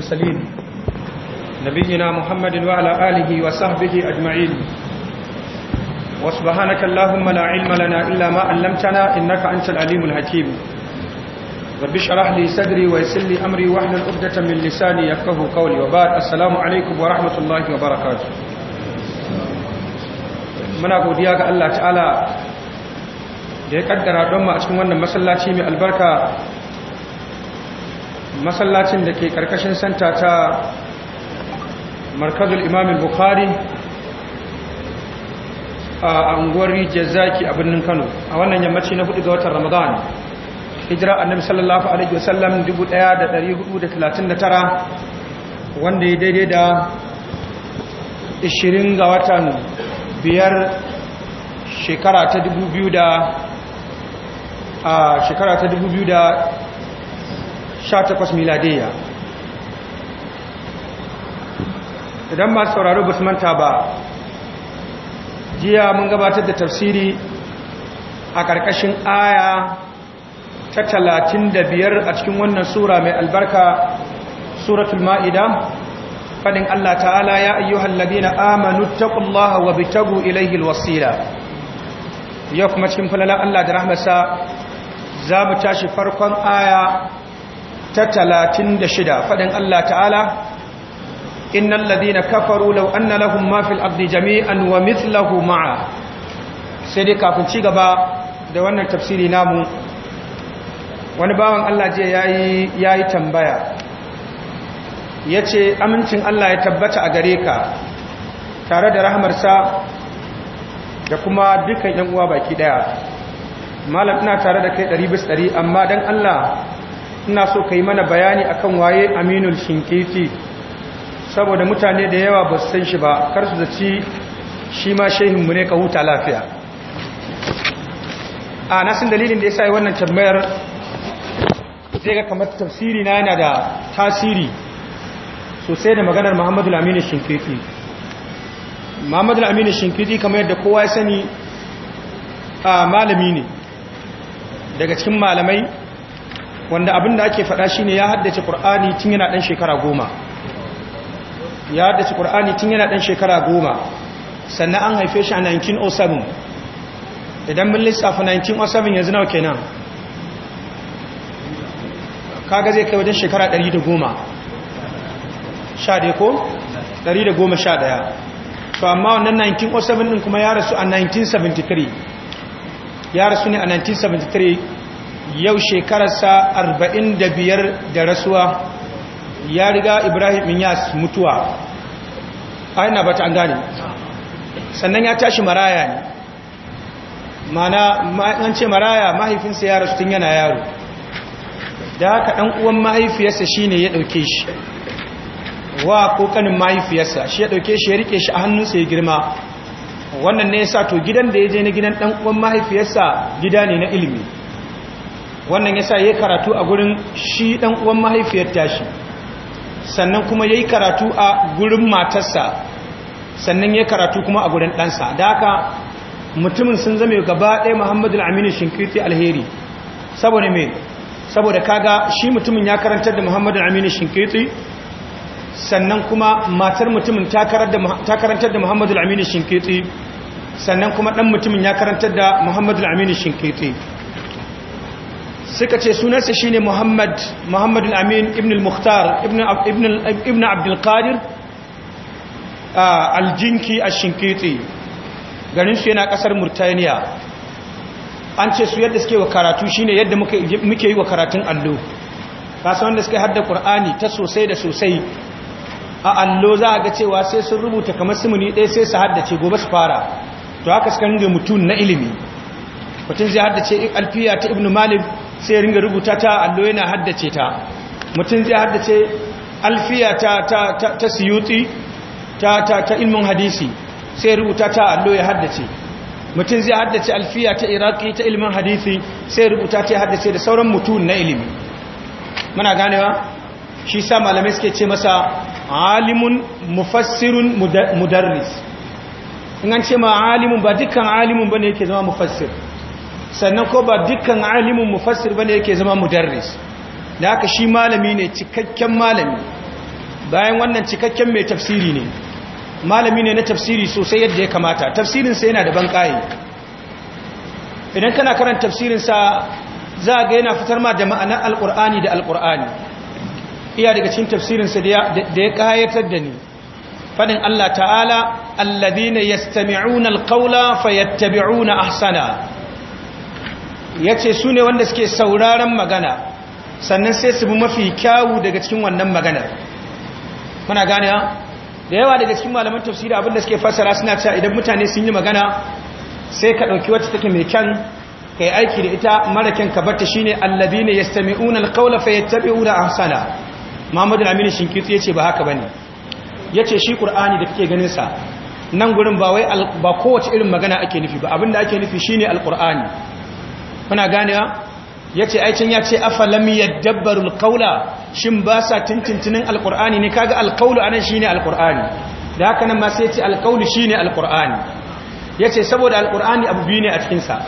سليم نبينا محمد وعلى آله وصحبه أجمعين وسبحانك اللهم لا علم لنا إلا ما علمتنا إنك أنت العليم الحكيم رب اشرح لي صدري ويسر لي أمري واحلل عقدة من لساني يفقهوا قولي وبعد السلام عليكم ورحمة الله وبركاته muna godiya ga Allah ta'ala da ya kaddara don mu a cikin wannan masallaci mai albarka masallacin da ke karkashin santa ta markazul imamin bukhari a unguwar rijiyar a birnin kano a wannan yammaci na hudu ga watan ramadan hijira annabi sallallahu alaihi wasallam 1439 wanda ya daidai da 20 ga watan biyar shekara ta 2000 a shekara ta 18 miladiyya idan ba sauraro ba su manta ba jiya mun gabatar da tafsiri a ƙarƙashin aya ta talatin da biyar a cikin wannan sura mai albarka suratul ma'ida fadin Allah ta'ala ya ayyuhal ladina amanu taqullaha wa bitagu ilayhi alwasila yau kuma cikin falala Allah da rahmasa za mu tashi farkon aya ta talatin da shida faɗin Allah ta'ala innan ladina kafaru lau an na lahun fil ardi jami'an wa mitlahu ma'a sai dai kafin ci gaba da wannan tafsiri namu wani bawan Allah je ya yi tambaya ya ce amincin Allah ya tabbata a gare ka tare da rahamarsa da kuma dukkan yan uwa baki daya malam ina tare da kai ɗari bis ɗari amma dan Allah ina so ka yi mana bayani akan waye aminul shinkiti saboda mutane da yawa ba su san shi ba kar su zaci shi ma shehinmu ne ka huta lafiya a nasin dalilin da ya sa yi wannan tambayar zai ga kamar tafsiri na yana da tasiri sosai da maganar muhammadu aminu shinkiti muhammadu aminu shinkiti kamar yadda kowa ya sani a malami ne daga cikin malamai wanda abin da ake faɗa shine ya haddace Qur'ani tun yana ɗan shekara goma ya haddace Qur'ani tun yana ɗan shekara goma sannan an haife shi a 1907 idan mun lissafa 1907 yanzu nawa kenan kaga zai kai wajen shekara 110 sha dai ko 111 to amma wannan 1907 din kuma ya rasu a 1973 ya rasu ne a 1973 yau shekararsa arba'in da biyar da rasuwa ya riga ibrahim inyas mutuwa aina ba ta an gane sannan ya tashi maraya ne mana an ce maraya mahaifinsa ya rasu tun yana yaro da haka ɗan uwan mahaifiyarsa shi ne ya ɗauke shi wa kokanin mahaifiyarsa shi ya ɗauke shi ya rike shi a hannunsa ya girma wannan ne ya sa to gidan da ya je na gidan ɗan uwan mahaifiyarsa gida ne na ilimi wannan ya sa yi karatu a gurin shi ɗan uwan mahaifiyar tashi sannan kuma yi karatu a gurin matarsa sannan yi karatu kuma a gurin ɗansa da haka mutumin sun zame gaba ɗaya Muhammadu al-Amin Shinkiti alheri saboda me saboda kaga shi mutumin ya karantar da Muhammadu al-Amin Shinkiti sannan kuma matar mutumin ta karantar da Muhammadu al-Amin Shinkiti sannan kuma ɗan mutumin ya karantar da Muhammadu al-Amin Shinkiti suka ce sunansa shine Muhammad Muhammad al-Amin ibn al-Mukhtar ibn Abdul Qadir al-Jinki shinkiti yana kasar Murtaniya an ce su yadda suke wa karatu shine yadda muke yi wa karatun allo kasa wanda suke hadda Qur'ani ta sosai da sosai a allo za a ga cewa sai sun rubuta kamar simuni ɗaya sai su haddace gobe su fara to haka suka ringe mutum na ilimi mutum zai haddace alfiya ta ibn malik sai ringa rubuta ta allo yana haddace ta mutum zai haddace alfiya ta ta ta, ta siyuti ta ta ta ilmin hadisi sai rubuta ta allo ya haddace mutum zai haddace alfiya ta iraki ta ilmin hadisi sai rubuta ta haddace da sauran mutum na ilimi muna ganewa shi sa malamai suke ce masa alimun mufassirun mudarris in an ce ma alimun ba dukkan alimun bane yake zama mufassir sannan ko ba dukkan alimin mufassir bane yake zama mudarris da haka shi malami ne cikakken malami bayan wannan cikakken mai tafsiri ne malami ne na tafsiri sosai yadda ya kamata tafsirinsa yana da banƙaye idan kana karan tafsirinsa za ga yana fitar ma da ma'anar alƙur'ani da alƙur'ani iya daga cikin tafsirinsa da ya kayatar da ni faɗin allah ta'ala alladhina yastami'una alqawla fayattabi'una ahsana ya ce su ne wanda suke sauraron magana sannan sai su bi mafi kyawu daga cikin wannan maganar Kuna gane da yawa daga cikin malaman tafsiri abinda suke fassara suna cewa idan mutane sun yi magana sai ka ɗauki wacce take mai kyan ka yi aiki da ita mara kyan ka barta shine allabi ne ya sami unar kaula fa ya tabi a ahsana muhammadu aminu shinkitsu ya ce ba haka ba ne ya ce shi ƙur'ani da kake ganin sa nan gurin ba ba kowace irin magana ake nufi ba abinda ake nufi shi shine alƙur'ani kuna ganewa ya ce aicin ya ce Afalami ya yadabbarul qawla shin ba sa tintintinin alkur'ani ne kaga alkaulu anan shine alkur'ani da haka nan ma sai ya ce shi shine alkur'ani ya ce saboda alkurani abu biyu ne a cikinsa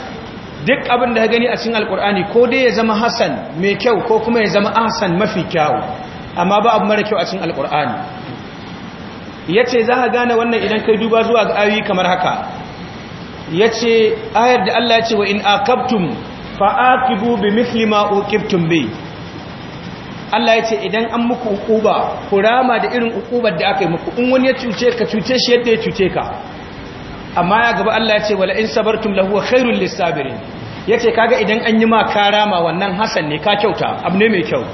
duk abin da ya gani a cikin alkur'ani ko dai ya zama Hassan mai kyau ko kuma ya zama ahsan mafi kyau amma ba abu mara kyau a cikin alkur'ani ya ce za ka gane wannan idan kai duba zuwa ga ayoyi kamar haka ya ce ayar da Allah ya ce wa in aqabtum fa'aqibu bi mithli ma uqibtum bi Allah ya ce idan an muku ukuba ku rama da irin ukubar da aka yi muku in wani ya cuce ka cuce shi yadda ya cuce ka amma ya gaba Allah ya ce wala in sabartum lahu khairul lisabirin yace kaga idan an yi ma karama rama wannan hasan ne ka kyauta abu mai kyau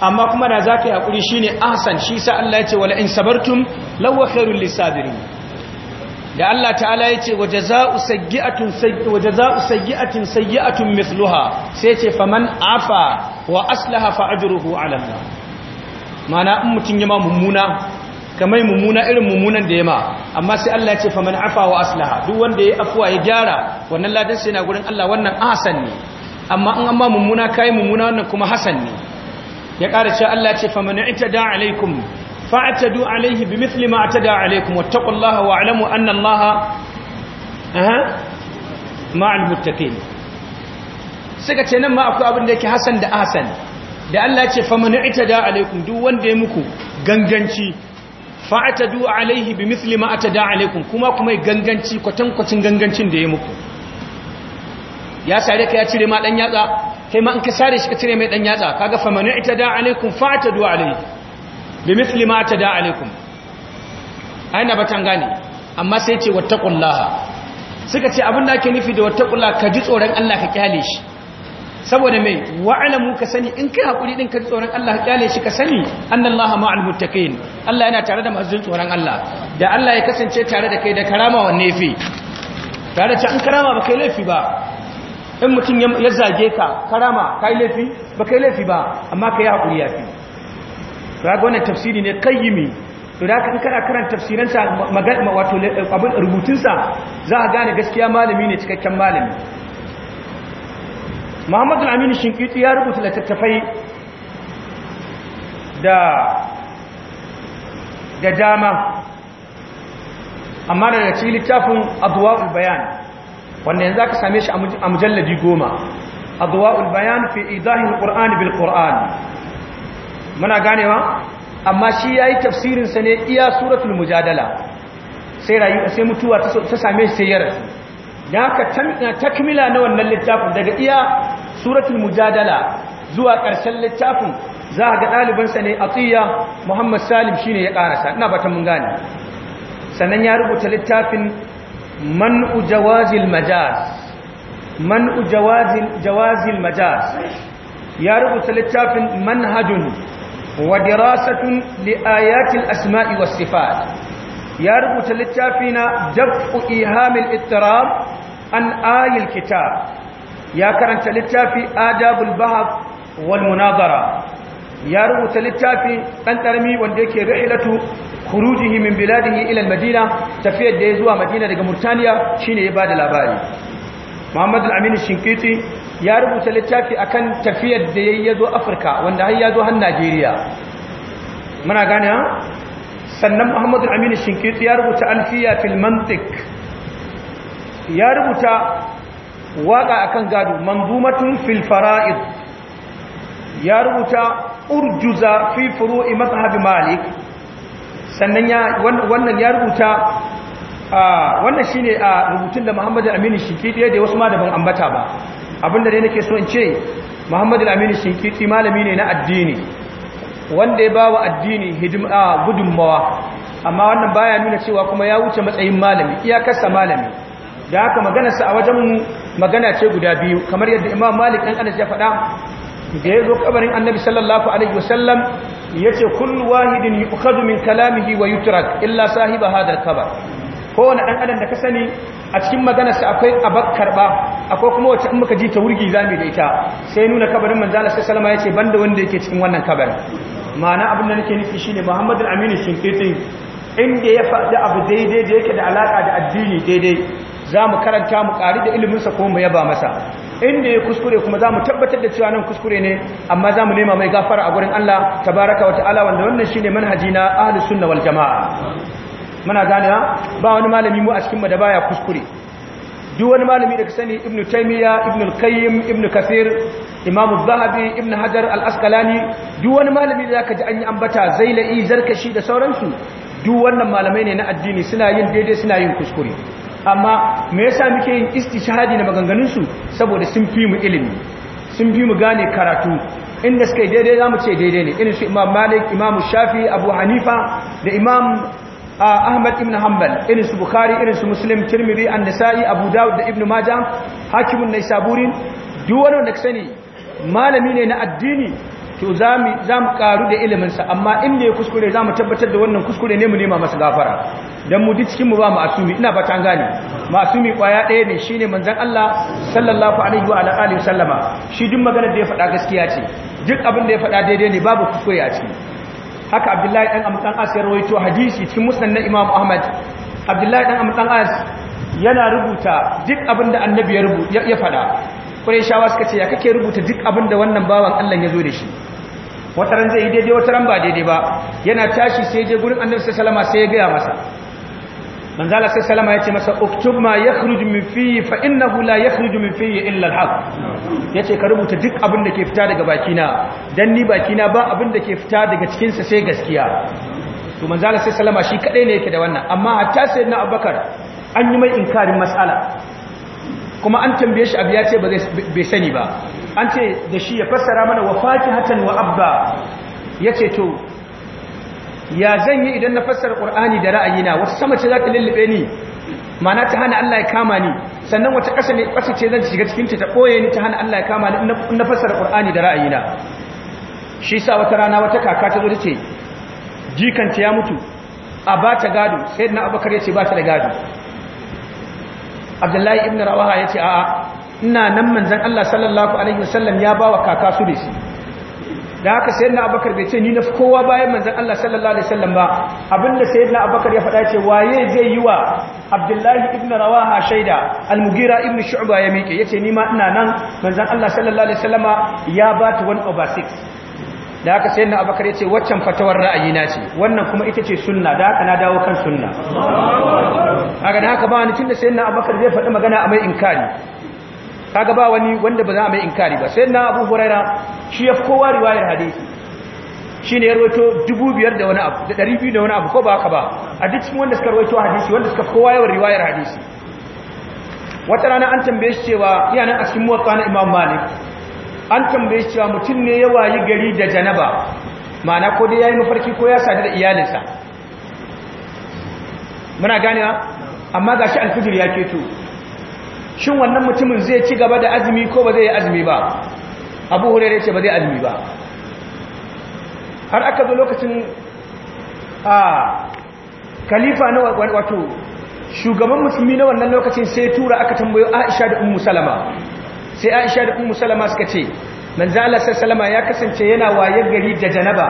amma kuma da zaka yi hakuri shine ahsan shi sa Allah ya ce wala in sabartum lahu khairul lisabirin da Allah ta'ala ya ce waje za'u sayyi'atin sayyi'atun misluha, sai ce faman afa wa aslaha fa ajruhu ala Allah mana in mutun mummuna kamar mummuna irin mummunan da yama amma sai Allah ya ce faman afa wa aslaha duk wanda ya afuwa ya gyara wannan ladan sai na gurin Allah wannan ahsan ne amma in amma mummuna kai mummuna wannan kuma hasan ne ya ƙara cewa Allah ya ce faman da alaikum fa'tadu alaihi bimithli ma atada alaikum wattaqullaha wa anna allaha aha ma'al muttaqin suka ce nan ma akwai abin da yake hasan da ahsan da Allah ce fa man itada alaikum duk wanda ya muku ganganci fa'tadu alaihi bimithli ma atada alaikum kuma kuma ganganci kwatankwacin gangancin da ya muku ya sare ka ya cire ma dan yatsa kai ma in ka sare shi ka cire mai dan yatsa kaga fa man itada alaikum fa'tadu alaihi bi misli ma ta da alaikum aina batan gane amma sai ce wattaqullaha suka ce abin da ake nufi da wattaqullaha ka ji tsoron Allah ka kyale shi saboda mai wa'alamu ka sani in kai hakuri din ka ji tsoron Allah ka kyale shi ka sani annallaha ma'al muttaqin Allah yana tare da masu tsoron Allah da Allah ya kasance tare da kai da karama wanne fi tare da an karama ba kai laifi ba in mutum ya zage ka karama kai laifi ba kai laifi ba amma kai hakuri ya fi to ga wannan tafsiri ne qayyimi to da kan kana karanta tafsiransa wato abin rubutunsa za a gane gaskiya malami ne cikakken malami Muhammadu Aminu Shinkiti ya rubuta littattafai da da dama amma da cikin littafin adwa'ul bayan wanda yanzu aka same shi a mujalladi goma adwa'ul bayan fi idahin qur'ani bil muna ganewa amma shi ya yi tafsirinsa ne iya suratul mujadala sai sai mutuwa ta same shi sai ya rasu dan takmila na wannan littafin daga iya suratul mujadala zuwa ƙarshen littafin za a ga ɗalibansa ne a tsiya muhammad salim shi ne ya ƙarasa ina batan mun gane sannan ya rubuta littafin Man Ujawazil majaz majaz ya rubuta littafin manhajun ودراسة لآيات الأسماء والصفات يربط للتافين دفع إيهام الاضطراب عن آي الكتاب يا كرنت للتافي آداب البحث والمناظرة ya rubuta littafi ɗan ƙarami wanda yake rihilatu khurujihi min biladihi ila madina tafiyar da ya zuwa madina daga murtaniya shine ya da labari muhammad Aminu shinkiti ya rubuta littafi akan tafiyar da ya yi ya zo afirka wanda har ya zo har najeriya muna gane sannan muhammadu aminu shinkiti ya rubuta alfiya fil mantik ya rubuta waƙa akan gado manzumatun fil ya rubuta urjuza fi furu'i mazhabi malik sannan ya wannan ya rubuta wannan shine a rubutun da muhammadu aminu shinkiti da wasu ma da ban ambata ba abinda dai nake so in ce muhammadu aminu shinkiti malami ne na addini wanda ya bawa addini hidima gudunmawa amma wannan baya nuna cewa kuma ya wuce matsayin malami iyakarsa malami da haka maganarsa a wajenmu magana ce guda biyu kamar yadda imam malik ɗan anas ya faɗa da ya kabarin annabi sallallahu alaihi wasallam ya ce kullu wahidin yu'khadhu min kalamihi wa yutrak illa sahiba hadal kabar kowane ɗan adam da ka sani a cikin maganarsa akwai abar karɓa akwai kuma wacce in muka ji ta wurgi za mu da ita sai nuna kabarin manzala sai salama ya ce ban da wanda yake cikin wannan kabarin ma'ana abin da nake nufi shine muhammadu aminu shinkitin inda ya faɗi abu daidai da yake da alaƙa da addini daidai za mu karanta mu ƙari da iliminsa ko mu yaba masa inda ya kuskure kuma za mu tabbatar da cewa nan kuskure ne amma za mu nema mai gafara a gurin Allah tabaraka wa ta'ala wanda wannan shine manhaji na ahlus sunna wal jama'a muna ganewa ba wani malami mu a cikin mu da baya kuskure duk wani malami da ka sani ibn taymiya ibn al-qayyim ibn kasir imam az-zahabi ibn hajar al-asqalani duk wani malami da zaka ji an yi ambata zailai zarkashi da sauransu duk wannan malamai ne na addini suna yin daidai suna yin kuskure amma me yasa muke yin istishhadi na maganganun su saboda sun fi mu ilimi sun fi mu gane karatu inda suka yi daidai zamu ce daidai ne irin su imam malik imam shafi abu hanifa da imam Ahmad ibn Hanbal irin su Bukhari irin su Muslim Tirmidhi An-Nasa'i Abu Dawud da Ibn Majah an Naisaburi duk wani wanda sani malami ne na addini to zamu zamu karu da ilimin sa amma in ya kuskure zamu tabbatar da wannan kuskure ne mu nema masa gafara dan mu duk cikin mu ba mu ma'asumi ina fata gane ma'asumi kwaya ɗaya ne shine manzon Allah sallallahu alaihi wa alihi wasallama shi duk maganar da ya faɗa gaskiya ce duk abin da ya faɗa daidai ne babu kuskure a ciki haka abdullahi ɗan amdan as ya rawaito hadisi cikin musnad imam ahmad abdullahi ɗan amdan as yana rubuta duk abin da annabi ya rubuta ya fada qurayshawa suka ce ya kake rubuta duk abin da wannan bawan Allah ya zo da shi wataran zai yi daidai wataran ba daidai ba yana tashi sai je gurin annabi sallallahu alaihi wasallam sai ya ga masa manzala sai salama ya ce masa uktub ma yakhruju min fihi fa hula ya yakhruju min fihi illa al ya yace ka rubuta duk abin da ke fita daga bakina don ni bakina ba abin da ke fita daga cikinsa sai gaskiya to manzala sai salama shi kadai ne yake da wannan amma a tasirin na abubakar an yi mai inkarin matsala. kuma an tambaye shi abu ya ce bai sani ba an ce da shi ya fassara mana wa hatan wa abba ya ce to ya zan yi idan na fassara Kur'ani da ra'ayina wata sama ce za ta lullube ni mana ta hana Allah ya kama ni sannan wata ƙasa ne ƙasa ce zan shiga cikin ta ɓoye ni ta hana Allah ya kama ni in na fassara qur'ani da ra'ayina shi sa wata rana wata kaka ta zo ta ce jikanta ya mutu a ba ta gado sai na abubakar ya ce ba ta da gado abdullahi ibn rawaha ya ce a'a ina nan manzan allah sallallahu alaihi wasallam ya ba wa kaka su da shi da haka na Abakar bai ce ni na kowa bayan manzan Allah sallallahu alaihi wasallam ba abinda na Abakar ya faɗa ce waye zai yi wa abdullahi ibn rawaha shaida al-mugira ibn shu'ba ya miƙe ce ni ma ina nan manzan Allah sallallahu alaihi wasallama ya ba ta one over six. da haka Abakar ya yace waccan fatawar ra'ayi na ce wannan kuma ita ce sunna da haka na dawo kan sunna haka da haka ba ni tunda na Abakar zai faɗi magana a mai inkari kaga ba wani wanda ba za a mai inkari ba sai na abu huraira shi ya fi kowa riwayar hadisi shi ne ya rawaito dubu da wani abu ko ba haka ba a duk cikin wanda suka rawaito hadisi wanda suka kowa yawan riwayar hadisi wata rana an tambaye shi cewa iya nan a cikin na imam malik an tambaye shi cewa mutum ne ya wayi gari da janaba ma'ana ko dai ya yi mafarki ko ya sadu da iyalinsa muna ganewa amma ga shi alfijir ya keto shin wannan mutumin zai ci gaba da azumi ko ba zai yi azumi ba abu hurairu ce ba zai azumi ba har aka zo lokacin a kalifa na wato shugaban musulmi na wannan lokacin sai tura aka tambayo aisha da ummu salama sai aisha da ummu salama suka ce manzala Allah ya kasance yana wayar gari da janaba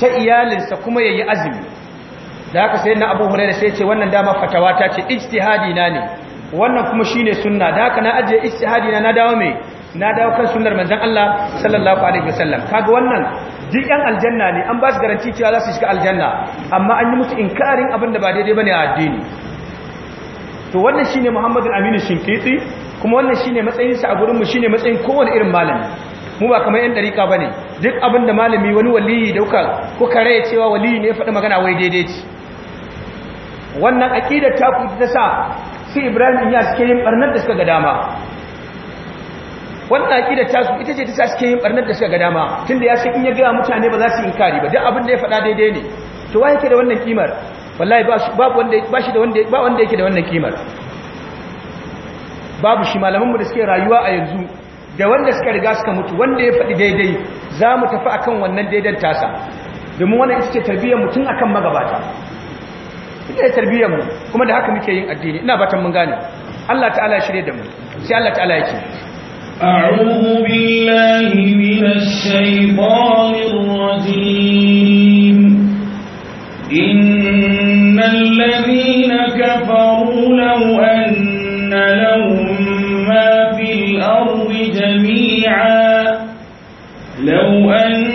ta iyalinsa kuma yayi azumi da haka sai na abu hurairu sai ce wannan dama fatawa ta ce ijtihadi na ne wannan kuma shi ne sunna da haka na ajiye istihadi na na dawo mai na dawo kan sunnar manzan Allah sallallahu alaihi wasallam kaga wannan duk aljanna ne an ba su garanti cewa za su shiga aljanna amma an yi musu inkarin abin da ba daidai ba ne a addini to wannan shi ne Muhammadu Aminu Shinkiti kuma wannan shi ne matsayinsa a gurinmu shi ne matsayin kowane irin malami mu ba kamar yan dariƙa ne duk abin da malami wani waliyi dauka ko kare cewa waliyi ne ya faɗi magana wai daidai ce wannan akidar ta ku ta sa sai ibrahim ya suke yin barnar da suka ga dama wannan aƙida ta su ita ce ta suke yin barnar da suka ga dama tun da ya sai in ya gaya mutane ba za su yi inkari ba duk abin da ya faɗa daidai ne to wa yake da wannan kimar wallahi ba shi da wanda yake da wannan kimar babu shi mu da suke rayuwa a yanzu da wanda suka riga suka mutu wanda ya faɗi daidai za mu tafi akan wannan daidan tasa domin wannan ita ce tarbiyyar mutum akan magabata ne tarbiyyar mu kuma da haka muke yin addini ina batan mun gane Allah ta'ala shirye da mu sai Allah ta'ala yake أعوذ بالله من الشيطان الرجيم إن الذين كفروا لو أن لهم ما في الأرض جميعا لو أن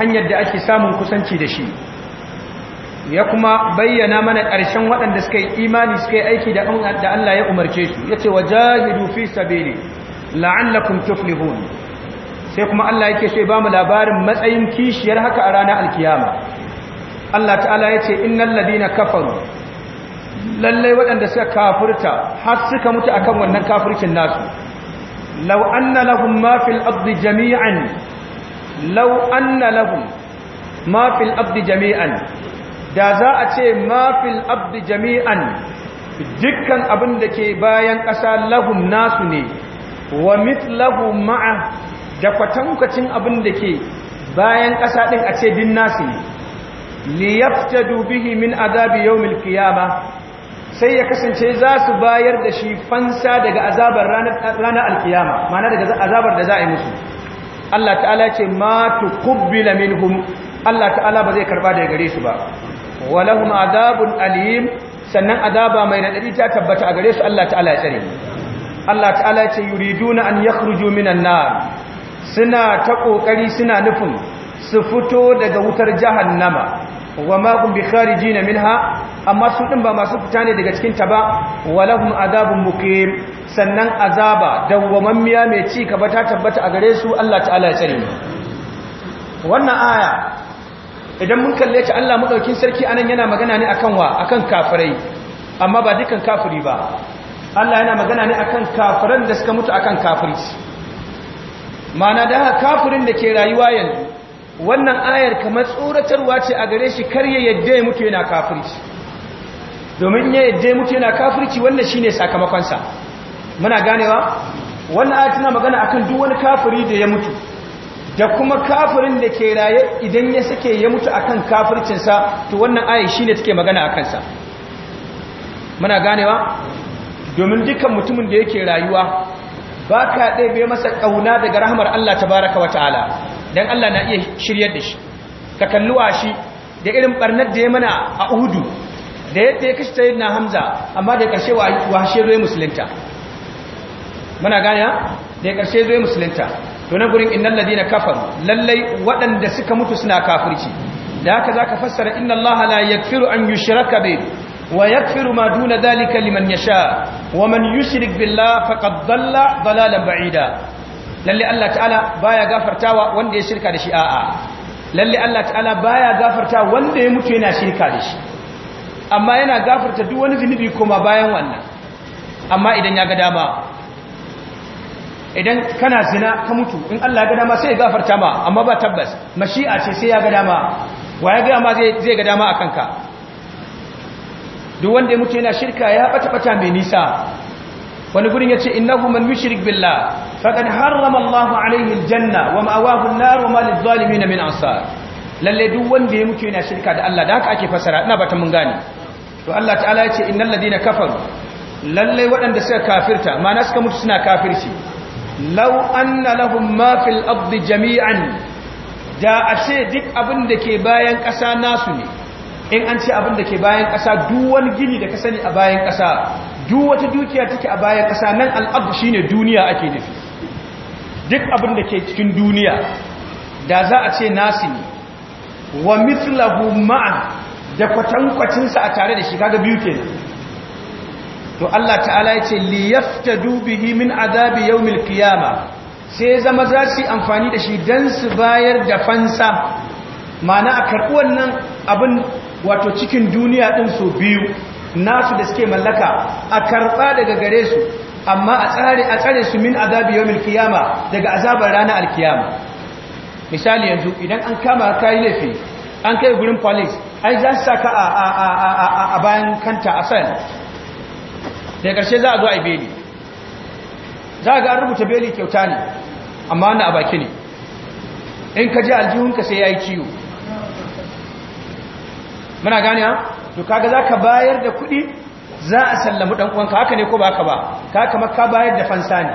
hanyar da ake samun kusanci da shi ya kuma bayyana mana ƙarshen waɗanda suka yi imani suka yi aiki da Allah ya umarce su ya ce wa jahidu fi sabili la'allakum tuflihun sai kuma Allah yake so ya bamu labarin matsayin kishiyar haka a ranar alkiyama Allah ta'ala ya ce innal ladina kafaru lallai waɗanda suka kafirta har suka mutu akan wannan kafircin nasu law anna lahum ma fil ardi jami'an law anna lahum ma fil abdi jami'an da za a ce ma fil abdi jami'an dukkan abin da ke bayan ƙasa lahum nasu ne wa lahu ma'a da kwatankwacin abin da ke bayan ƙasa ɗin a ce din nasu ne liyaftadu bihi min azabi yawmil qiyamah sai ya kasance za su bayar da shi fansa daga azabar ranar alkiyama mana daga azabar da za a yi musu Allah ta'ala ce ma tuqbila minhum Allah ta'ala ba zai karba daga gare su ba walahum adabun alim sannan azaba mai radadi ta tabbata a gare su Allah ta'ala ya tsare Allah ta'ala ce yuriduna an yakhruju minan nar suna ta kokari suna nufin su fito daga wutar jahannama wa ma hum bi kharijin minha amma su din ba masu fita ne daga cikin ta ba walahum adabun muqim sannan azaba dawwamammiya mai ci ka ta tabbata a gare su Allah ta'ala ya tsare wannan aya idan mun kalle ta Allah madaukin sarki anan yana magana ne akan wa akan kafirai amma ba dukan kafiri ba Allah yana magana ne akan kafiran da suka mutu akan kafirci mana da kafirin da ke rayuwa yanzu wannan ayar kamar tsoratarwa ce a gare shi kar ya yadda ya mutu yana kafirci domin ya yadda ya mutu yana kafirci wannan shine sakamakonsa muna ganewa wannan ayat tana magana akan duk wani kafiri da ya mutu da kuma kafirin da ke raye idan ya sake ya mutu akan kafircinsa to wannan ayat shine take magana akan sa muna ganewa domin dukkan mutumin da yake rayuwa ba ka bai masa ƙauna daga rahmar Allah tabaraka wa ta'ala dan Allah na iya shiryar da shi ka kalluwa shi da irin barnar da ya mana a Uhudu da yadda ya kashe sayyidina Hamza amma da kashe wa hashe musulunta muna gane da karshe zo musulunta to na gurin innal ladina kafaru lallai waɗanda suka mutu suna kafirci da haka zaka fassara inna allaha la yaghfiru an yushraka bi wa yaghfiru ma duna dhalika liman yasha wa man yushrik billahi faqad dalla dalalan ba'ida lalle Allah ta'ala baya gafartawa wanda ya shirka da shi a'a lalle Allah ta'ala baya gafartawa wanda ya mutu yana shirka da shi amma yana gafarta duk wani zunubi koma bayan wannan amma idan ya ga dama idan kana zina ka mutu in Allah ya ga dama sai ya gafarta ma amma ba tabbas mashi'a ce sai ya ga dama wa ya ga ma zai ga dama a kanka duk wanda ya mutu yana shirka ya bata bata mai nisa wani gurin ya ce innahu man yushrik billah faqad harrama Allahu alayhi aljanna wa ma'awahu an-nar wa ma lidh-dhalimin min ansar lalle duk wanda ya mutu yana shirka da Allah da haka ake fasara ina bata mun gane to Allah ta'ala ya ce innal ladina kafaru lalle waɗanda suka kafirta ma'ana suka mutu suna kafirci law anna lahum ma fil ardi jami'an da a ce duk abin da ke bayan ƙasa nasu ne in an ci abin da ke bayan ƙasa duwani gini da ka sani a bayan ƙasa duk wata dukiya take a bayan ƙasa nan al'abdu shine duniya ake nufi duk abin da ke cikin duniya da za a ce nasu ne wa mithlahu ma'a da kwatankwacinsa a tare da shi kaga biyu to Allah ta'ala ya ce liyaftadu bihi min azabi yawmil qiyama sai zama za su amfani da shi dan su bayar da fansa mana a karɓi wannan abin wato cikin duniya din su biyu nasu da suke mallaka a karɓa daga gare su amma a tsare a tsare su min azabi yawmil qiyama daga azabar rana alkiyama misali yanzu idan an kama kai lafi an kai gurin police ai za su saka a bayan kanta a sai karshe za a zo a yi beli za a ga an rubuta beli kyauta ne amma wanda a baki ne in ka ji aljihunka sai ya yi ciwo muna gani ha to kaga za ka bayar da kuɗi za a sallamu ɗan'uwanka haka ne ko ba ka ba ka kama ka bayar da fansa ne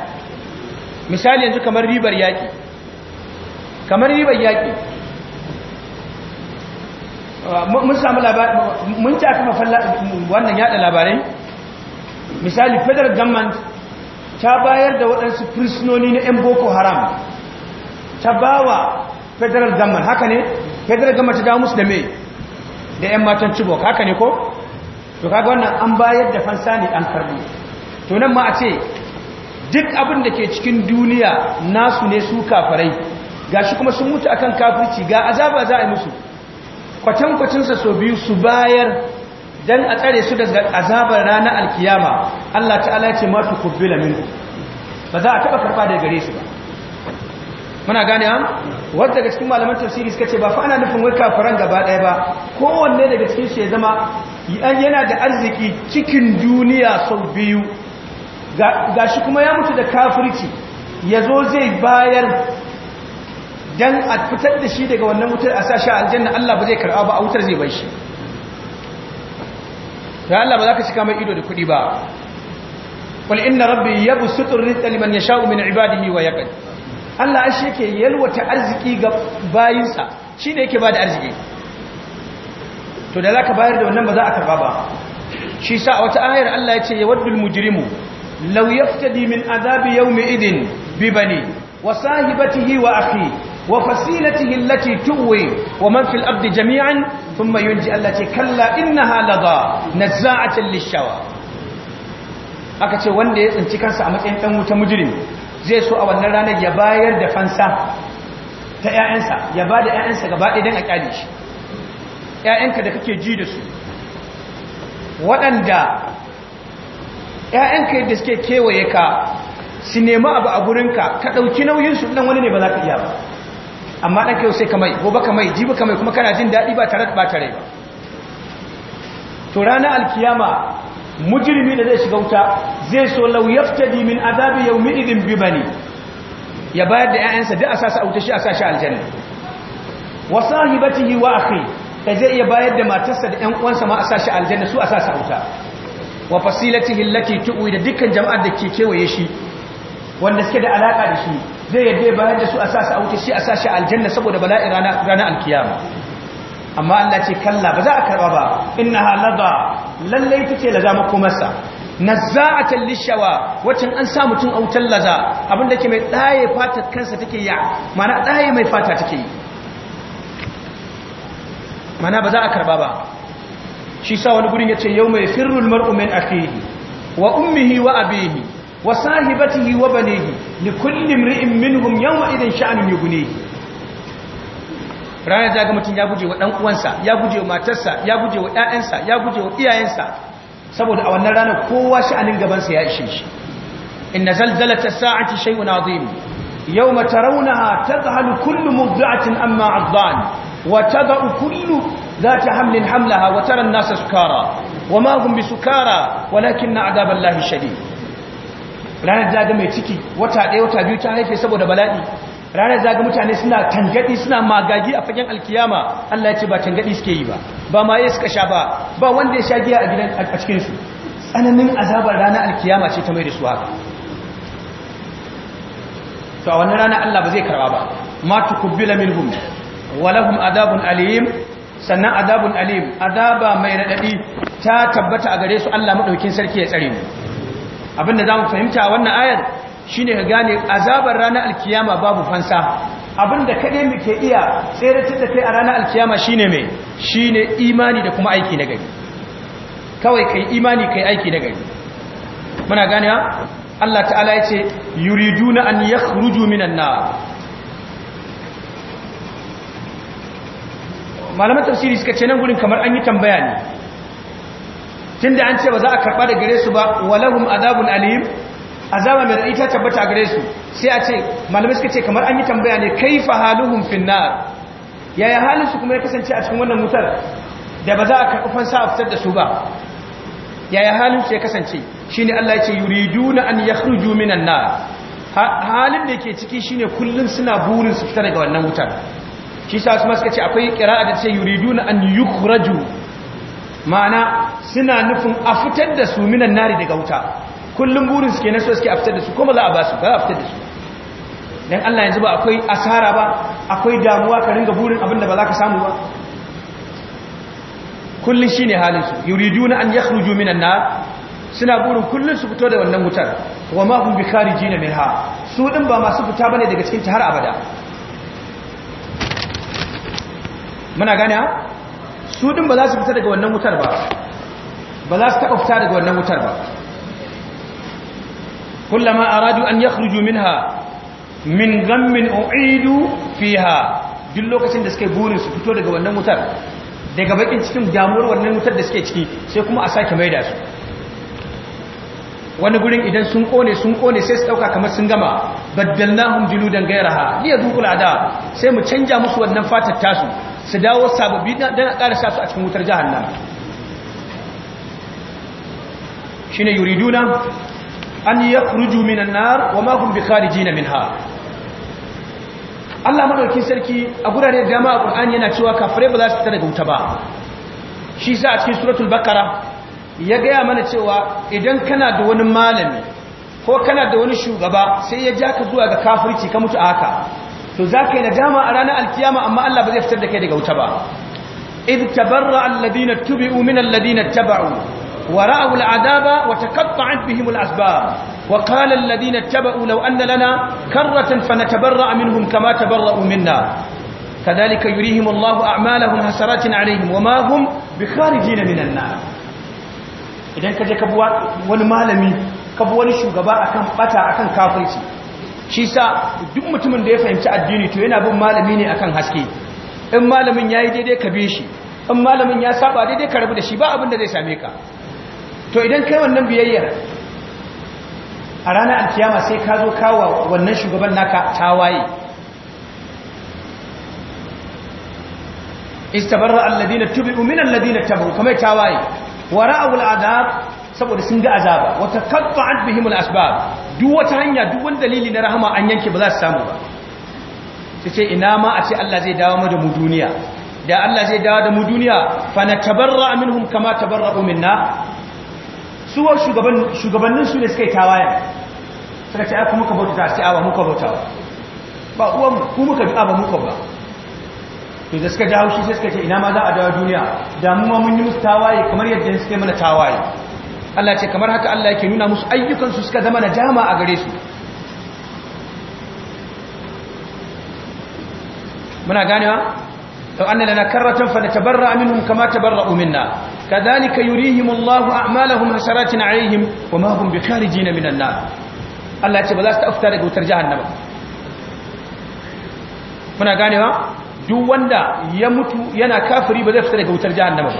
misali yanzu kamar ribar yaƙi kamar ribar yaƙi mun samu labarai mun ci aka mafalla wannan yaɗa labarai misali federal government ta bayar da waɗansu prisononi na 'yan boko haram ta bawa federal government haka ne federal government ta dawo musu da mai da 'yan matan chibok haka ne ko to kaga wannan an bayar da fansa ne an karbi to nan ma a ce duk abin da ke cikin duniya nasu ne su kafarai gashi kuma sun mutu akan kafirci ga azaba za a yi musu kwacin kwacinsa so biyu su bayar dan a tsare su daga azabar ranar alkiyama Allah ta'ala ce ma ku kubbila minhu ba za a taba karba daga gare su ba muna gane am wanda daga cikin malaman tafsiri suka ce ba fa ana nufin wai kafiran gaba ɗaya ba kowanne daga cikin shi ya zama yana da arziki cikin duniya sau biyu ga shi kuma ya mutu da kafirci ya zo zai bayar dan a fitar da shi daga wannan wutar a sashi aljanna Allah ba zai karɓa ba a wutar zai bai shi ta Allah ba za ka shiga mai ido da kuɗi ba qul inna rabbi yabsutu rizqa liman yasha'u min ibadihi wa yaqdir Allah ashe ke yalwata arziki ga bayinsa shi ne yake bada arziki to da ka bayar da wannan ba za a karɓa ba shi sa a wata ayar Allah ya ce yawaddul mujrimu law yaftadi min azabi mai idin bibani wa sahibatihi wa afi wa fasilatihi hilati tuwe wa man fil jami'an thumma yunji Allah ce kalla inna za a can lishawa aka ce wanda ya tsinci kansa a matsayin ɗan wuta mujirin zai so a wannan ranar ya bayar da fansa ta 'ya'yansa ya ba da ‘ya’yansa gaba ɗaya don a ƙyale shi 'ya'yanka da kake ji da su waɗanda ‘ya’yanka yadda suke kewaye ka su nemi abu a gurinka ka ɗauki nauyinsu ɗan wani ne ba za ka iya ba amma ɗan yau sai ka mai gobe ka mai jibi ka mai kuma kana jin daɗi ba tare da ba to ranar alkiyama mujirmi da zai shiga wuta zai so lauyaftadi min azabi yau mi'idin ne. ya bayar da 'ya'yansa duk a sa a wuta shi a sa shi aljanna wa sahibatihi wa akhi da zai iya bayar da matarsa da 'yan uwansa ma a sa shi aljanna su a sa a wuta wa fasilatihi allati tu'i da dukkan jama'ar da ke kewaye shi wanda suke da alaka da shi zai yadda bayan da su a sashi a wuce shi a sashi aljanna saboda bala'i rana alkiyama amma Allah ce kalla ba za a karba ba inna halaba lallai ta ce laza makomarsa nazza'atan lishawa wacin an sa mutum a wutar laza abinda ke mai tsaye fata kansa take ya mana tsaye mai fata take yi mana ba za a karba ba shi sa wani gudun ya ce yau mai firrul mar'umin akihi wa ummihi wa abihi wa sahibatihi wa banihi li kulli imri'in minhum yawma ya sha'anun yughnihi ranar zaga mutum ya guje wa dan uwansa ya guje wa matarsa ya guje wa ƴaƴansa ya guje wa iyayensa saboda a wannan ranar kowa sha'anin gaban sa ya ishe shi inna zalzalata sa'ati shay'un azim yawma tarawunaha tadhhalu kullu mudhi'atin amma 'adhan wa tad'u kullu ذات Wa حملها وترى الناس سكارى wa هم بسكارى ولكن عذاب الله شديد ranar zaga mai ciki wata ɗaya wata biyu ta haife saboda bala'i ranar zaga mutane suna tangadi suna magagi a fagen alkiyama Allah ya ce ba tangadi suke yi ba ba ma yi suka sha ba ba wanda ya sha giya a gidan a cikin su tsananin azabar ranar alkiyama ce ta mai da su haka to a wannan ranar Allah ba zai karba ba ma tukubbila minhum wa lahum adabun alim sannan adabun alim azaba mai radadi ta tabbata a gare su Allah madaukin sarki ya tsare mu abinda za mu fahimta a wannan ayar shine ka gane azabar ranar alkiyama babu fansa abinda kaɗai muke iya tsere da kai a ranar alkiyama shine mai shine imani da kuma aiki na gari kawai kai imani kai aiki na gari muna gane Allah ta'ala ya ce duna an ruju minan na. malaman siri suka ce nan gudun kamar an yi tambaya ne tunda an ce ba za a karɓa da gare su ba walahum azabun alim azaba mai ita tabbata gare su sai a ce malamai suka ce kamar an yi tambaya ne fa haluhum finna. yaya halin su kuma ya kasance a cikin wannan mutar da ba za a karɓi fansa a fitar da su ba yaya halin su ya kasance shine Allah ya ce yuriduna an yakhruju minan nar halin da yake ciki shine kullum suna burin su fita daga wannan wutar shi sa su suka ce akwai qira'a da ce na an yukhraju ma'ana suna nufin a fitar da su minan nari daga wuta kullum burin suke na so suke a fitar da su kuma za a ba su ba a fitar da su don Allah yanzu ba akwai asara ba akwai damuwa ka ringa burin abin da ba za ka samu ba kullum shi ne halinsu yuridu na an ju minan na suna burin kullum su fito da wannan wutar wa ma jina mai minha su din ba masu fita ne daga cikin ta har abada muna gane ha su din ba za su fita daga wannan wutar ba ba za su taɓa fita daga wannan wutar ba kullama aradu an yakhruju minha min ghammin u'idu fiha duk lokacin da suke yi burin su fito daga wannan wutar daga bakin cikin damuwar wannan wutar da suke ciki sai kuma a sake maida su wani gurin idan sun kone sun kone sai su dauka kamar sun gama baddalnahum juludan ghayraha liyadhuqul adab sai mu canja musu wannan fatar tasu su dawo sababbi don dana ƙara sa su a cikin wutar jahannama shi ne yuriduna an ya kuruju minan nar wa makon bi khariji na ha. Allah maɗauki sarki a gurare da dama a Kur'ani yana cewa kafirai ba za su tara ga wuta ba shi sa a cikin suratul bakara ya gaya mana cewa idan kana da wani malami ko kana da wani shugaba sai ya ja ka zuwa ga kafirci ka mutu a haka to za ka yi nadama a ranar alkiyama amma Allah ba zai fitar da kai daga wuta ba id tabarra alladina tubi'u min alladina taba'u wa ra'u al'adaba wa taqatta'at bihim al'asbab وقال الذين اتبعوا لو أن لنا كرة فنتبرأ منهم كما تبرأوا منا كذلك يريهم الله idan ka je ka wani malami ka wani shugaba akan bata akan kafirci shi sa duk mutumin da ya fahimci addini to yana bin malami ne akan haske in malamin yayi daidai ka bishi shi in malamin ya saba daidai ka rabu da shi ba abin da zai same ka to idan kai wannan biyayya a ranar alkiyama sai ka zo kawo wannan shugaban naka tawaye istabarra alladina tubi'u min alladina tabu kamar tawaye wara'ul adab saboda sun ga azaba wa taqatta'at bihim al-asbab duk wata hanya duk wani dalili na rahama an yanke ba za su samu ba sai ce ina ma a ce Allah zai dawo mu da mu duniya da Allah zai dawo da mu duniya fa na tabarra minhum kama tabarra'u minna su wa shugaban shugabannin su ne suka yi tawaya suka ce ai muka ka bauta sai awa muka bauta ba uwan ku muka bi aba muka ba to da suka ji shi sai suka ce ina ma za a dawo duniya da mu ma mun yi musu tawaye kamar yadda suka yi mana tawaye Allah ce kamar haka Allah yake nuna musu ayyukansu suka zama jama a gare su muna ganewa لو أن لنا كرة فنتبرأ منهم كما تبرأوا منا كذلك يريهم الله أعمالهم حسرات عليهم وما هم ce ba za su يتبع ذلك أفترق وترجع النبا muna ganewa duk wanda ya mutu yana kafiri ba zai fita daga wutar jahannama ba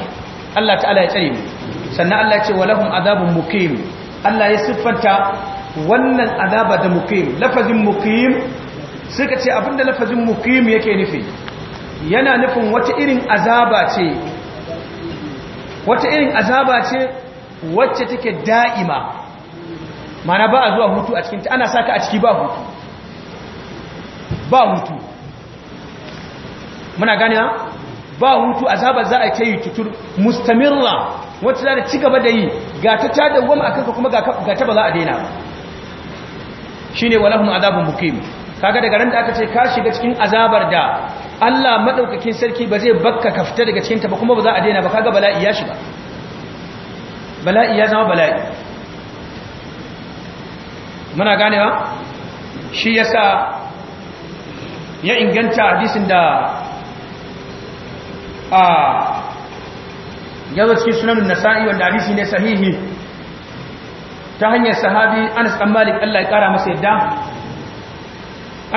Allah ta'ala ya tsare mu sannan Allah ce walahum azabun mukim Allah ya siffanta wannan azaba da mukim lafazin sai ka ce abinda lafazin mukim yake nufi yana nufin wata irin azaba ce wata irin azaba ce wacce take da'ima mana ba a zuwa hutu a cikinta ana saka a ciki ba hutu ba hutu muna gani ba hutu azabar za a yi tutur mustamirra wacce za ta ci gaba da yi ga ta ta dawwama a kanka kuma ga ta ba za a daina shi ne walahun azabun bukim kaga daga ran da aka ce ka shiga cikin azabar da allah maɗaukakin sarki ba zai bakka ka fita daga cikinta ba kuma ba za a daina ba kaga bala'i ya shiga bala'i ya zama bala'i muna ganewa shi yasa ya inganta hadisin da a ya zo cikin sunan nasa'i wanda hadisi ne sahihi ta hanyar sahabi anas dan malik Allah ya kara masa yadda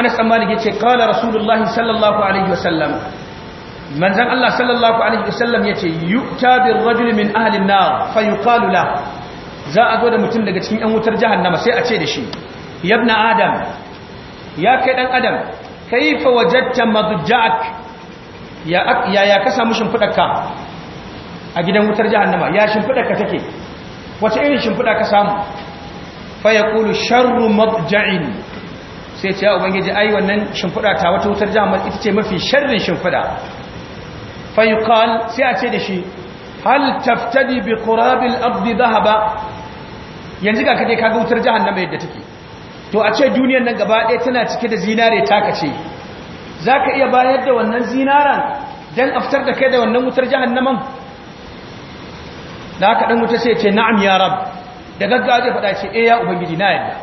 anas dan malik yace qala rasulullahi sallallahu alaihi wasallam manzon Allah sallallahu alaihi wasallam yace yu'ta bir rajul min ahli an-nar fa la za a zo da mutum daga cikin yan wutar jahannama sai a ce da shi yabna adam ya kai dan adam kaifa wajadta madja'ak ya ya ka samu shimfidarka a gidan wutar jahannama ya shimfida ka take wace irin shimfida ka samu fa yaqulu sharru madja'in sai ce ubangiji ai wannan shimfida ta wata wutar jahannama ita ce mafi sharrin shimfida fa yuqal sai a ce da shi hal taftadi bi qurabil ardi dhahaba yanzu ga kade kaga wutar jahannama yadda take to a ce duniyar nan gaba ɗaya tana cike da zinare taka ce zaka iya bayar da wannan zinaran dan aftar da kai da wannan wutar jahannaman da haka wuta sai ce na'am ya rab da gaggawa zai faɗa ce eh ya ubangiji na yadda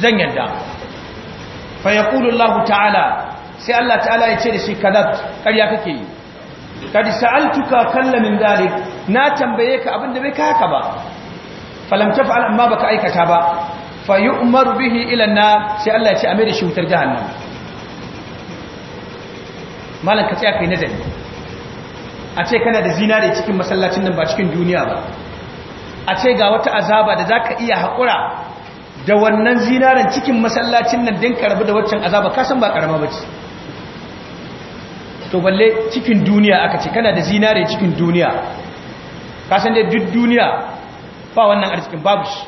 zan yadda fa yaqulu ta'ala sai Allah ta'ala ya ce da shi kadab ƙarya kake yi kad sa'altuka kallamin dalik na tambaye ka abin da bai ka haka ba falam taf'al amma baka aikata ba fa umaru bihi ilan na sai Allah ya ce a mai da shi wutar Malam malan ka tsaya kai nazari a ce kana da zinare cikin masallacin nan ba cikin duniya ba a ce ga wata azaba da za ka iya haƙura da wannan zinaren cikin masallacin nan don karabu da waccan azaba kasan ba karama ba ce to balle cikin duniya aka ce kana da zinare cikin duniya kasan da duk duniya ba wannan arzikin babu shi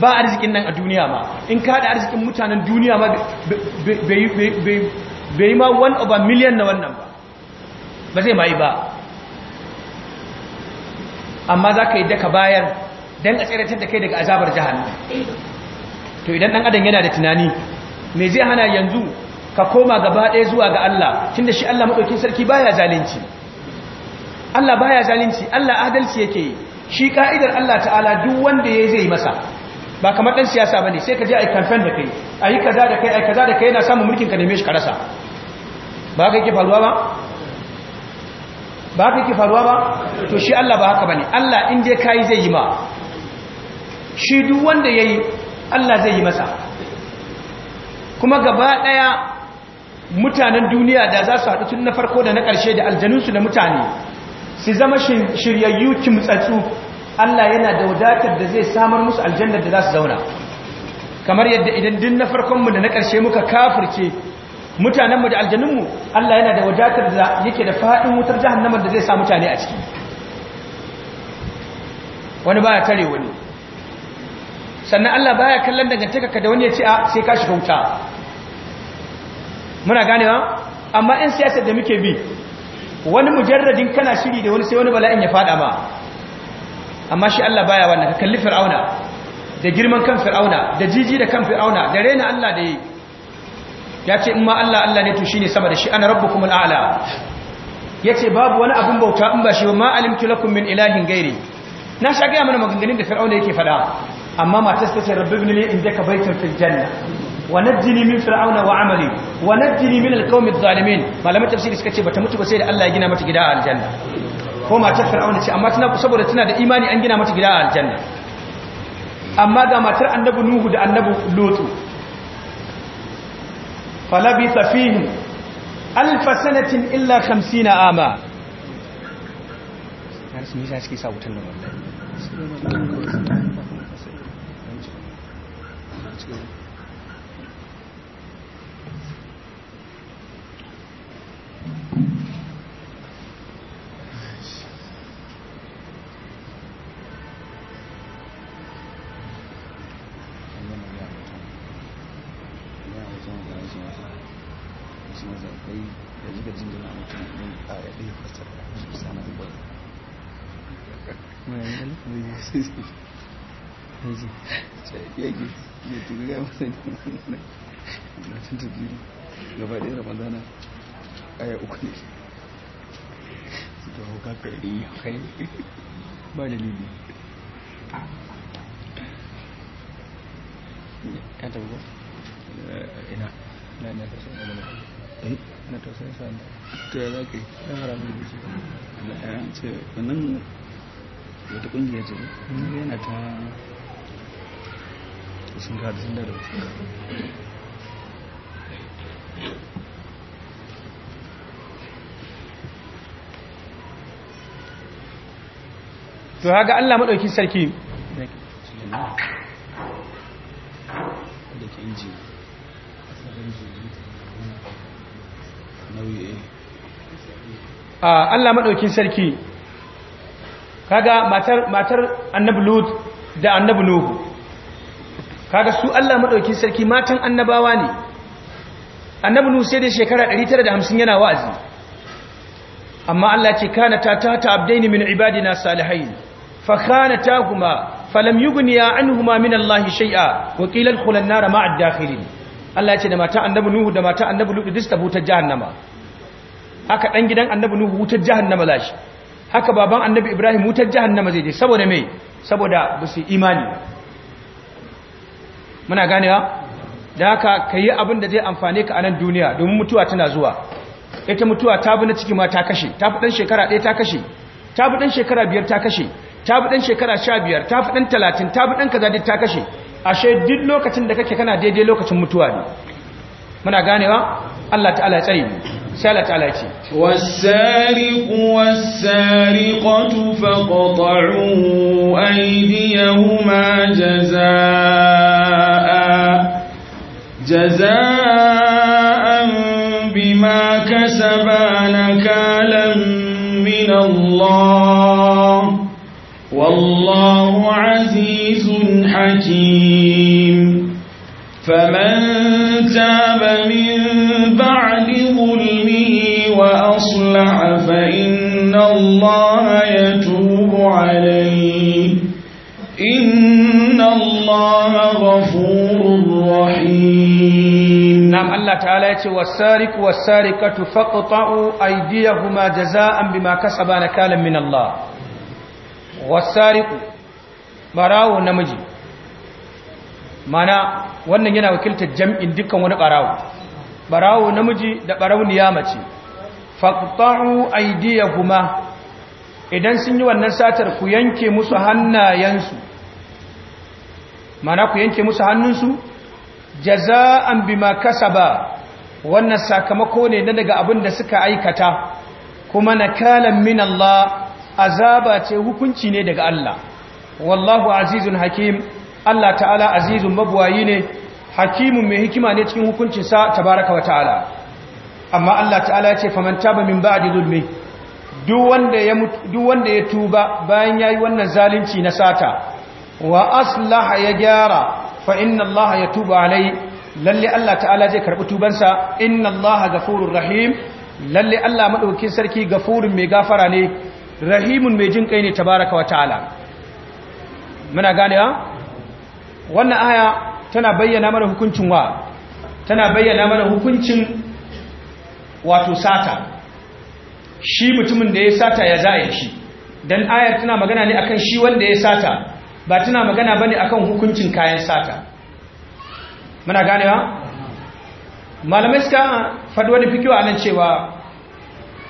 ba arzikin nan a duniya ma in ka da arzikin mutanen duniya ma bai yi ma one over million na wannan ba ba zai mai ba amma za ka yi daka bayar don a tun da kai daga azabar jihar to idan ɗan adam yana da tunani mai zai hana yanzu ka koma gaba ɗaya zuwa ga Allah tun da shi Allah maɗaukin sarki baya zalunci Allah baya zalunci Allah adalci yake yi shi ka'idar Allah ta'ala duk wanda ya zai masa ba kamar ɗan siyasa ba ne sai ka je a yi kamfen da kai a yi kaza da kai yana samun mulkin ka neme shi ka rasa ba ka yake faruwa ba ba haka yake faruwa ba to shi Allah ba haka bane Allah in dai kai zai yi ma shi duk wanda yayi Allah zai yi masa kuma gaba daya mutanen duniya da za su haɗu tun na farko da na ƙarshe da aljanunsu da mutane su zama shiryayyu kimtsatsu Allah yana da wadatar da zai samar musu aljannar da za su zauna kamar yadda idan din na farkonmu da na ƙarshe muka kafirce mutanenmu da aljanunmu Allah yana da wajatar da yake da faɗin wutar jahannamar da zai sa mutane a ciki wani baya tare wani sannan Allah baya kallon dangantakarka da wani ya ce a sai ka shiga wuta muna ganewa amma in siyasar da muke bi wani mujarradin kana shiri da wani sai wani bala'in ya fada ma amma shi Allah baya wannan ka kalli fir'auna da girman kan fir'auna da jiji da kan fir'auna da rena Allah da yi ya ce in ma Allah Allah ne to ne sama da shi ana rabbukumul a'la yace babu wani abin bauta in ba shi ma alimtu lakum min ilahin gairi na sha ga mana maganganun da fir'auna yake faɗa amma matar ta ce rabbi ibn li indaka baytan fil janna wa najjini min fir'auna wa amali wa najjini min alqawmi adh-dhalimin malamin tafsiri suka ce bata mutu ba sai da Allah ya gina mata gida a aljanna ko matar fir'auna ce amma tana saboda tana da imani an gina mata gida a aljanna amma ga matar annabi nuhu da annabi lutu فلبث فيهم ألف سنة إلا خمسين آما Thank you. gaba ya ce wannan wata kungiyar ce hmm. yana ta sun kada sun dada to haka Allah maɗauki sarki eh. ah, Allah maɗaukin sarki kaga matar matar annabi lut da annabi nuhu kaga su Allah madaukin sarki matan annabawa ne annabi nuhu sai da shekara 950 yana wa'azi amma Allah ce kana ta ta ta abdaini min ibadina salihain fa kuma falam yughniya anhuma min Allah shay'a wa qila al nar ma'a ad-dakhilin Allah ce da mata annabi nuhu da mata annabi lut duk ta buta jahannama aka dan gidan annabi nuhu wutar jahannama lashi haka baban annabi ibrahim wutar jahannama zai je saboda mai saboda ba imani muna ganewa da haka ka yi abin da zai amfane ka a nan duniya domin mutuwa tana zuwa ita mutuwa ta bi na ciki ma ta kashe ta fi ɗan shekara ɗaya ta kashe ta fi ɗan shekara biyar ta kashe ta fi ɗan shekara sha biyar ta fi ɗan talatin ta fi ɗan kaza ta kashe ashe duk lokacin da kake kana daidai lokacin mutuwa ne muna ganewa allah ta'ala ya tsaye سالت على شيء والسارق والسارقة فقطعوا أيديهما جزاء جزاء بما كسبا نكالا من الله والله عزيز حكيم فمن تاب من بعد يصلح فإن الله يتوب عليه إن الله غفور رحيم نعم الله تعالى يتي والسارق والسارقة فاقطعوا أيديهما جزاء بما كسبا نكالا من الله والسارق براو نمجي mana wannan yana wakiltar jam'in dukkan wani barawo barawo namiji da barauniya mace faqta'u guma, idan sun yi wannan satar ku yanke musu hannayensu mana ku yanke musu hannunsu jaza'an bima kasaba wannan sakamako ne na daga abin da suka aikata kuma nakalan min Allah azaba ce hukunci ne daga Allah wallahu azizun hakim Allah ta'ala azizun mabwayi ne hakimun mai hikima ne cikin hukuncinsa tabaraka wa ta'ala amma Allah ta'ala ya ce faman taba min ba'di zulmi duk wanda ya duk wanda ya tuba bayan yayi wannan zalunci na sata wa aslaha ya gyara fa inna Allah yatubu alai lalle Allah ta'ala zai karbi tubansa inna Allah ghafurur rahim lalle Allah madaukakin sarki gafurun mai gafara ne rahimun mai jin kai ne tabaraka wa ta'ala muna ganewa wannan aya tana bayyana mana hukuncin wa tana bayyana mana hukuncin wato sata shi mutumin da ya sata ya za'a shi dan ayar tana magana ne akan shi wanda ya sata ba tana magana bane akan hukuncin kayan sata muna ganewa malamai suka faɗi wani fikiwa nan cewa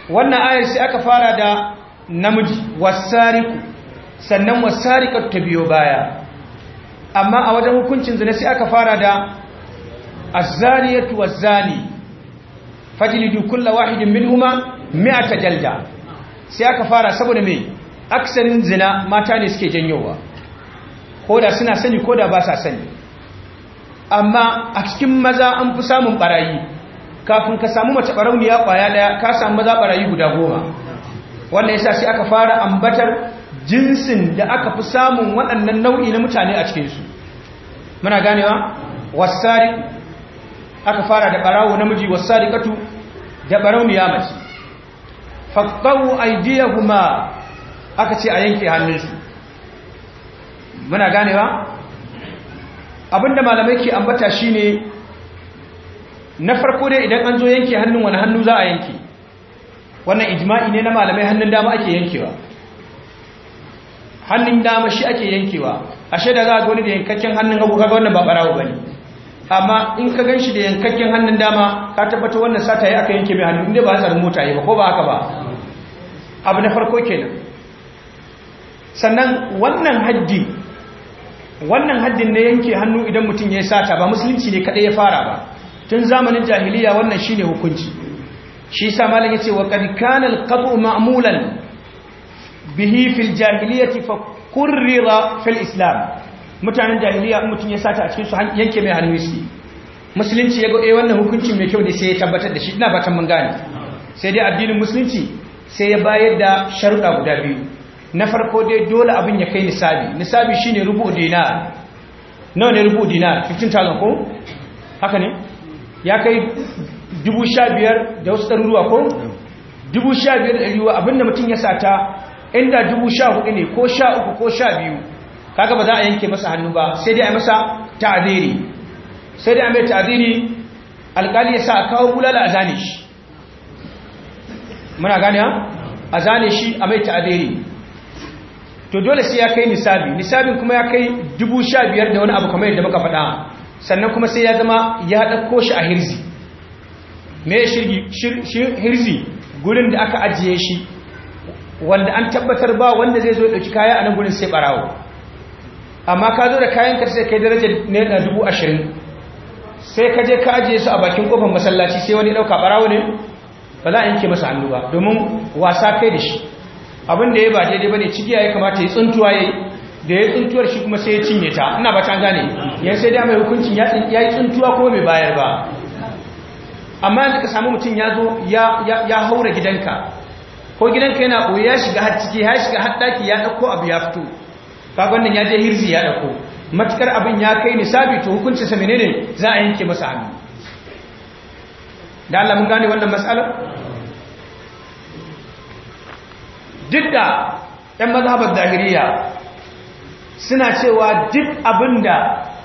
wannan ayar sai aka fara da namiji wasariku sannan wasarikar ta biyo baya amma a wajen hukuncin zina sai aka fara da azzariyatu wazzani fajlidu kulla wahidin minhuma mi'ata jalda sai aka fara saboda me aksarin zina mata ne suke janyowa koda suna sani koda ba sa sani amma a cikin maza an fi samun barayi kafin ka samu mace barauniya kwaya daya ka samu maza barayi guda goma wannan yasa sai aka fara ambatar jinsin da aka fi samun waɗannan nau'i na mutane a cikinsu muna ganewa wasari aka fara da barawo namiji wasariqatu da barauniya mace faqtu aydiyahuma aka ce a yanke hannunsu muna ganewa abinda malamai ke ambata shine na farko dai idan an zo yanke hannun wani hannu za a yanke wannan ijma'i ne na malamai hannun dama ake yankewa hannun dama shi ake yankewa ashe da za a wani da yankakken hannun abu kaga wannan ba barawo bane amma in ka gan shi da yankakken hannun dama ka tabbata wannan sata yi aka yanke mai hannu inda ba tsarin mota yi ba ko ba aka ba abu na farko kenan sannan wannan haddi wannan haddin na yanke hannu idan mutum ya yi sata ba musulunci ne kaɗai ya fara ba tun zamanin jahiliya wannan shi ne hukunci shi sa malam ce wa ƙarƙanar kana ma'amulan bihi fil jahiliyati fa kurrira fil islam mutanen jahiliya mutum ya sata a cikin su yanke mai hannu su musulunci ya ga eh, wannan hukuncin mai kyau ne sai ya tabbatar da shi ina fatan mun gane sai dai addinin musulunci sai ya bayar da sharuɗa guda biyu na farko dai dole abin ya kai nisabi nisabi shi ne rubu dinar nawa ne rubu dinar 15000 ko haka ne ya kai 15,000 da wasu ɗaruruwa ko 15,000 da abinda mutum ya sata inda 14,000 ne ko 13 ko 12 kaga ba za a yanke masa hannu ba sai dai a masa ta'ziri sai dai a mai ta'ziri alƙali ya sa a kawo bulala a zane shi muna gane a zane shi a mai ta'ziri to dole sai ya kai nisabi nisabin kuma ya kai dubu sha biyar da wani abu kamar yadda muka faɗa sannan kuma sai ya zama ya ɗauko shi a hirzi me hirzi gurin da aka ajiye shi wanda an tabbatar ba wanda zai zo ya ɗauki kaya a nan gurin sai ɓarawo amma ka zo da kayan karshe kai darajar naira dubu ashirin sai ka je ka ajiye su a bakin kofar masallaci sai wani ɗauka barawo ne ba za a yanke masa hannu ba domin wasa kai da shi abin da ya ba daidai ba ne ciki ya kamata ya tsuntuwa ya yi da ya tsuntuwar shi kuma sai ya cinye ta ina ba can gane yan sai da mai hukuncin ya yi tsuntuwa kuma mai bayar ba amma yanzu ka samu mutum ya zo ya haura gidanka ko gidanka yana ɓoye ya shiga har ciki ya shiga har ɗaki ya ɗauko abu ya fito kaga wannan ya je hirzi ya dauko matukar abin ya kai nisabi to hukunci sa menene za a yanke masa hannu da Allah mun gane wannan matsalar. duk da ɗan mazhabar zahiriya suna cewa duk abinda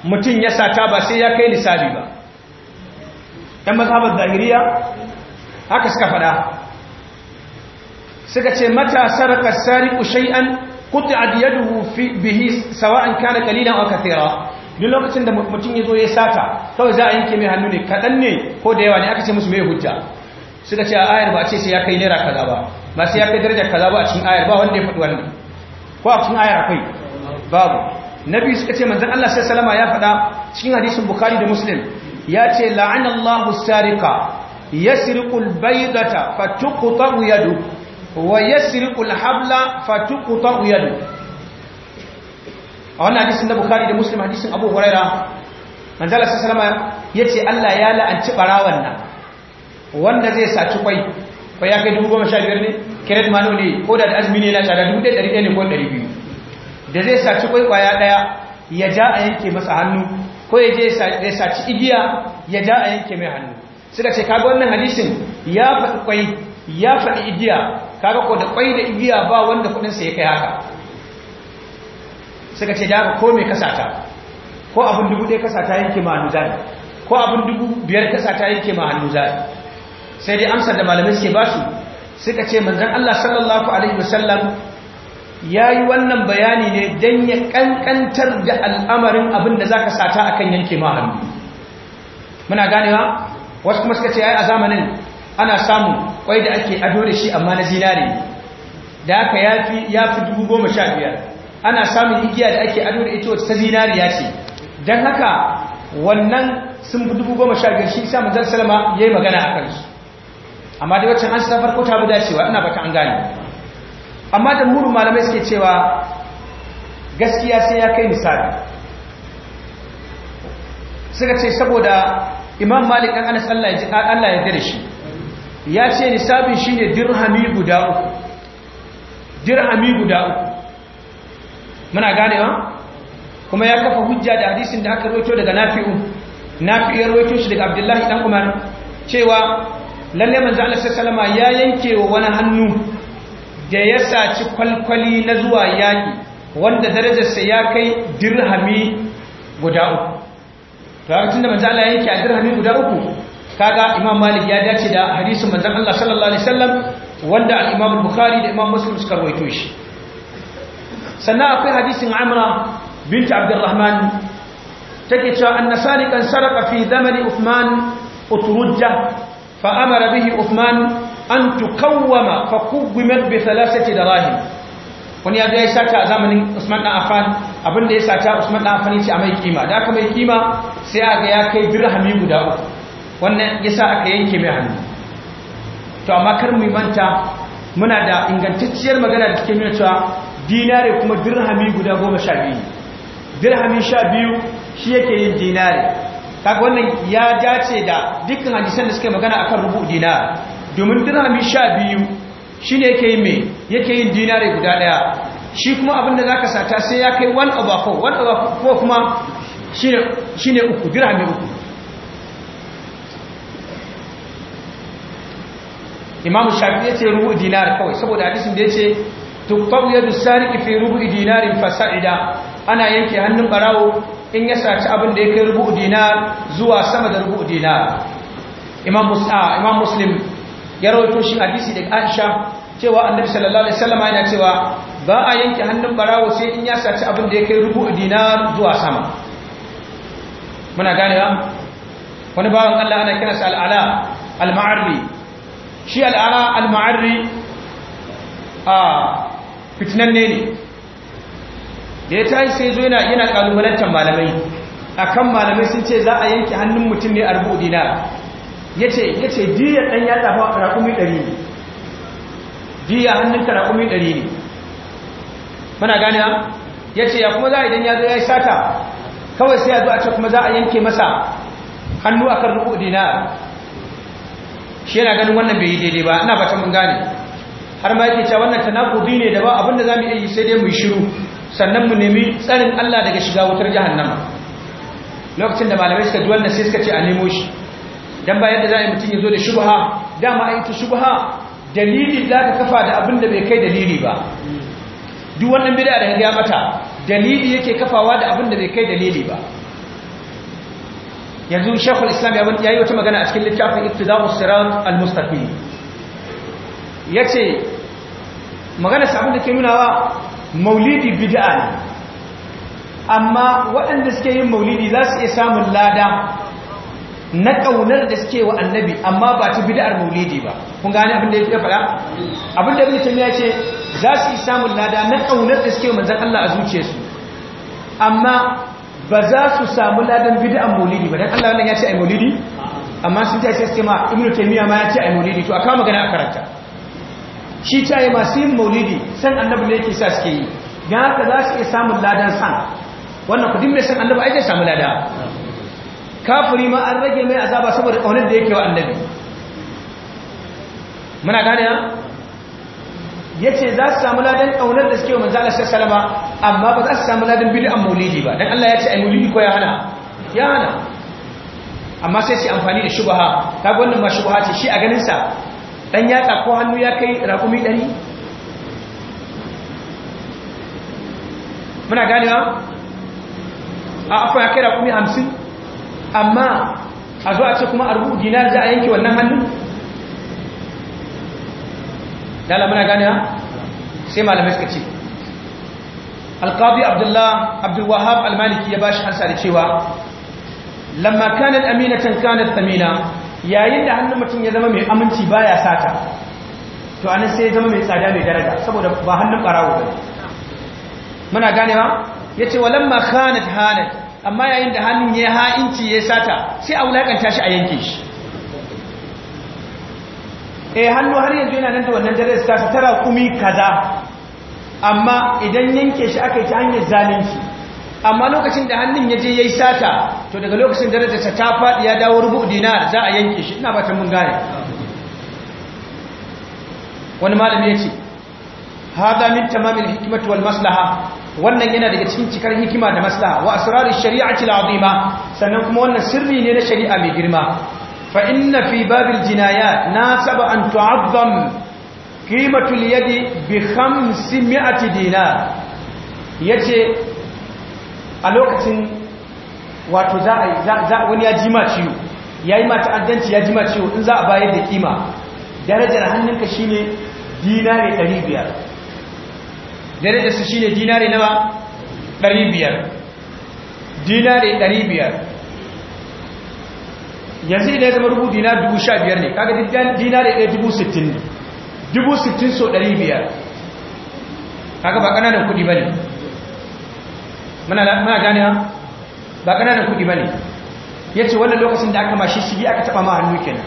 mutum ya sata ba sai ya kai nisabi ba ɗan mazhabar zahiriya haka suka fada suka ce matasar sarakar sariku shay'an qut'at yaduhu fi bihi sawa'an kana qalilan aw kathira duk lokacin da mutum ya zo ya sata kawai za a yanke mai hannu ne kaɗan ne ko da yawa ne aka ce musu mai hujja suka ce a ayar ba a ce sai ya kai naira kaza ba ba sai ya kai darajar kaza ba a cikin ayar ba wanda ya faɗi wannan ko a cikin ayar akwai babu nabi suka ce manzon Allah sai salama ya faɗa cikin hadisin bukhari da muslim ya ce la'anallahu sarika yasriqul baydata fatuqta yadu wa yasriqul habla fatuqta yadu a wannan hadisin na bukhari da muslim hadisin abu huraira manzala sallama yace Allah ya la'anci barawan nan wanda zai saci kwai ko ya kai 1015 ne kiret mano ne ko da azumi ne na tsada 1100 ne ko 200 da zai saci kwai kwaya daya ya ja a yanke masa hannu ko ya je ya saci igiya ya ja a yanke mai hannu suka ce kaga wannan hadisin ya faɗi kwai ya faɗi igiya kaga ko da kwai da igiya ba wanda kudinsa ya kai haka suka ce da haka ko me kasata ko abin dubu ɗaya kasata yanke ma hannu zai ko abin dubu biyar kasata yanke ma hannu zai sai dai amsar da malamai suke ba su suka ce manzon Allah sallallahu alaihi wasallam ya yi wannan bayani ne don ya kankantar da al'amarin abin da za ka sata akan yanke ma hannu muna ganewa wasu kuma suka ce ya yi a zamanin ana samun kwai da ake ado da shi amma na zinare da aka ya fi dubu goma sha biyar ana samun igiya da ake ado da ita wata ta ya ce don haka wannan sun fi dubu goma sha biyar shi isa salama ya yi magana a kansu amma da wacce an safar farko ta bi dacewa ina baka an gane amma da murin malamai suke cewa gaskiya sai ya kai misali suka ce saboda imam malik ɗan anas allah ya ji shi ya ce nisabin shine dirhami guda uku dirhami guda uku muna gane wa? kuma ya kafa hujja da hadisin da aka roto daga nafi'u nafi'u ya shi daga abdullahi dan umar cewa lalle manzo Allah wasallam ya yanke wa wani hannu da ya saci kwalkwali na zuwa yaki wanda darajarsa ya kai dirhami guda uku to haka tunda manzo Allah ya yanke a dirhami guda uku kaga imam malik ya dace da hadisin manzon Allah sallallahu alaihi wasallam wanda al-imam bukhari da imam muslim suka rawaito shi sannan akwai hadisin amra bint abdurrahman take cewa annasani kan saraka fi zamani uthman uturujja fa amara bihi uthman an tukawwama fa kubimat bi thalathati dirahim wani ya ya sata a zamanin Usman dan Affan abinda ya sata Usman dan Affan yace a mai kima da aka mai kima sai aga ya kai dirhami guda uku wannan yasa aka yanke mai hannu to amma kar mu manta muna da ingantacciyar magana da take nuna dinare kuma dirhami guda goma sha biyu dirhami sha biyu shi yake yin dinare kaga wannan ya dace da dukkan hadisan da suke magana akan rubu dinar domin dirhami sha biyu shi ne yake yin mai yake yin dinare guda daya shi kuma abin da za ka sata sai ya kai 1 over 4 1 over 4 kuma shi ne uku dirhami uku imam shafi ya ce rubu dinar kawai saboda hadisin da ya ce tuffau yadu sariki fi rubu dinarin fasa'ida ana yanke hannun barawo in ya saci abin da ya kai rubu dinar zuwa sama da rubu dinar imam muslim ya rawaito shi hadisi daga aisha cewa annabi sallallahu alaihi wasallam yana cewa ba a yanke hannun barawo sai in ya saci abin da ya kai rubu dinar zuwa sama muna ganewa wani bawan Allah ana kiransa al'ala al-ma'arri shi al'ara al-ma'arri a fitinanne ne da ya tashi sai zo yana kalubalantar malamai A kan malamai sun ce za a yanke hannun mutum ne a rubu dinar ya ce ya ce diyar ɗan ya tafa rakumi ɗari ne diya hannun ka rakumi ɗari ne mana gani ya ce ya kuma za a idan ya zo ya yi sata kawai sai ya zo a ce kuma za a yanke masa hannu akan rubu dinar shi yana ganin wannan bai yi daidai ba ina fata mun gane har ma yake cewa wannan tanakubi ne da ba abin da zamu iya yi sai dai mu shiru sannan mu nemi tsarin Allah daga shiga wutar jahannama lokacin da malamai suka ji wannan sai suka ce a nemo shi dan ba yadda za a yi mutum ya zo da shubha dama a yi ta shubha dalili za ka kafa da abin da bai kai dalili ba duk wannan bid'a da ya mata dalili yake kafawa da abin da bai kai dalili ba yanzu shekul islam ya yi wata magana a cikin littafin iftidawus sirat al Ya ce magana sabon da ke nuna wa maulidi bid'a ne amma waɗanda suke yin maulidi za su iya samun lada na ƙaunar da suke wa annabi amma ba ta bid'ar maulidi ba kun gane abin da ya faɗa abin da ya ce za su iya samun lada na ƙaunar da suke wa manzan Allah a zuciyarsu amma ba za su samu ladan bid'an maulidi ba dan Allah wannan ya ce a maulidi amma sun tashi sai ma ibnu taymiya ma ya ce ai maulidi to aka magana a karanta shi ta yi masu yin maulidi san annabi ne yake sa suke yi ga haka za su iya samun ladan san wannan ku mai san annabi ai zai samu lada Kafuri ma an rage mai azaba saboda kaunar da yake wa annabi muna gane ya yace za su samu ladin ƙaunar da suke wa manzan Allah sallallahu ba amma ba za su samu ladan bid'an maulidi ba don Allah ce a maulidi ko ya hana ya hana amma sai su amfani da shubaha ta gwanin ma shubaha ce shi a ganin sa dan yatsa ko hannu ya kai rakumi ɗari? muna ba a afa ya kai rakumi hamsin amma a zo a ce kuma a rubu dinar za a yanke wannan hannun dala muna gane ha sai malamai suka ce alqadi abdullahi abdul wahhab al-maliki ya bashi ansa da cewa lamma Amina aminatan kanat thamina yayin da hannun mutum ya zama mai aminci baya sata to anan sai ya zama mai tsada mai daraja saboda ba hannun barawo bane muna gane ce wa lamma kanat hanat amma yayin da hannun ya ha'inci ya sata sai a wulakanta shi a yanke shi eh hannu har yanzu yana nan da wannan darajar ta tara kumi kaza amma idan yanke shi aka yi ta hanyar zalunci amma lokacin da hannun ya je yayi sata to daga lokacin darajarsa ta faɗi ya dawo rubu dinar za a yanke shi ina ba mun gane wani malami ya ce hada min tamamil hikimatu wal maslaha wannan yana daga cikin cikar hikima da maslaha wa asrarish shari'ati al-azima sannan kuma wannan sirri ne na shari'a mai girma فإن في باب الجنايات ناسب أن تعظم قيمة اليد بخمسمائة دينار يجي ألوكة wato za a wani ya ji ciwo ya yi mata addanci ya jima ciwo in za a bayar da kima darajar hannunka shi ne dinare 500 shi ne dinare nawa yanzu idan ya zama rubu dina dubu sha biyar ne kaga dina da ɗaya dubu sittin ne dubu sittin so ɗari biyar kaga ba ƙananan kuɗi ba ne muna gane ba ƙananan kuɗi ba ne ya ce wannan lokacin da aka mashi shi aka taɓa ma hannu kenan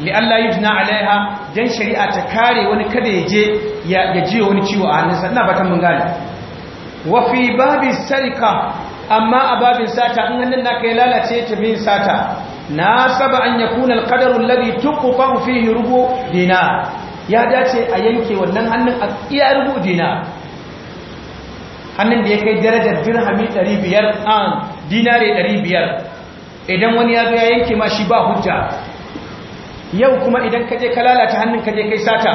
li'alla yujna alaiha don shari'a ta kare wani kada ya je ya jiyo wani ciwo a hannunsa ina fatan mun gane wa fi babin sarika amma a babin sata in hannun naka ya lalace ta bin sata nasaba an yakuna alqadaru alladhi tuqfa fihi rubu dina ya dace a yanke wannan hannun a iya rubu dina hannun da ya kai darajar dirhami 500 an dinare 500 idan wani ya ya yanke ma shi ba hujja yau kuma idan kaje ka lalata hannun ka kai sata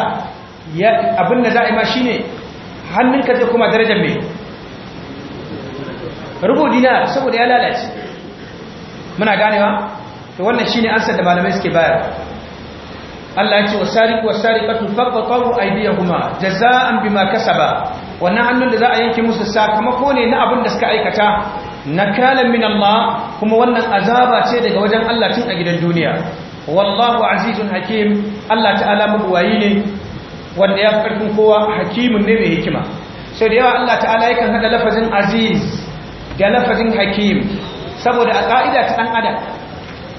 abin da za a yi ma shine hannun ka je kuma darajar mai rubu dina saboda ya lalace muna ganewa to wannan shine ansar da malamai suke bayar Allah ya ce wasariqu wasariqatu faqtaru aydiyahuma jazaan bima kasaba wannan hannun da za a yanke musu sakamako ne na abin da suka aikata nakalan min Allah kuma wannan azaba ce daga wajen Allah tun a gidan duniya wallahu azizun hakim Allah ta'ala mabuwayi ne wanda ya karfin kowa hakimun ne mai hikima Sai da yawa Allah ta'ala yakan hada lafazin aziz da lafazin hakim saboda a ka'ida ta dan adam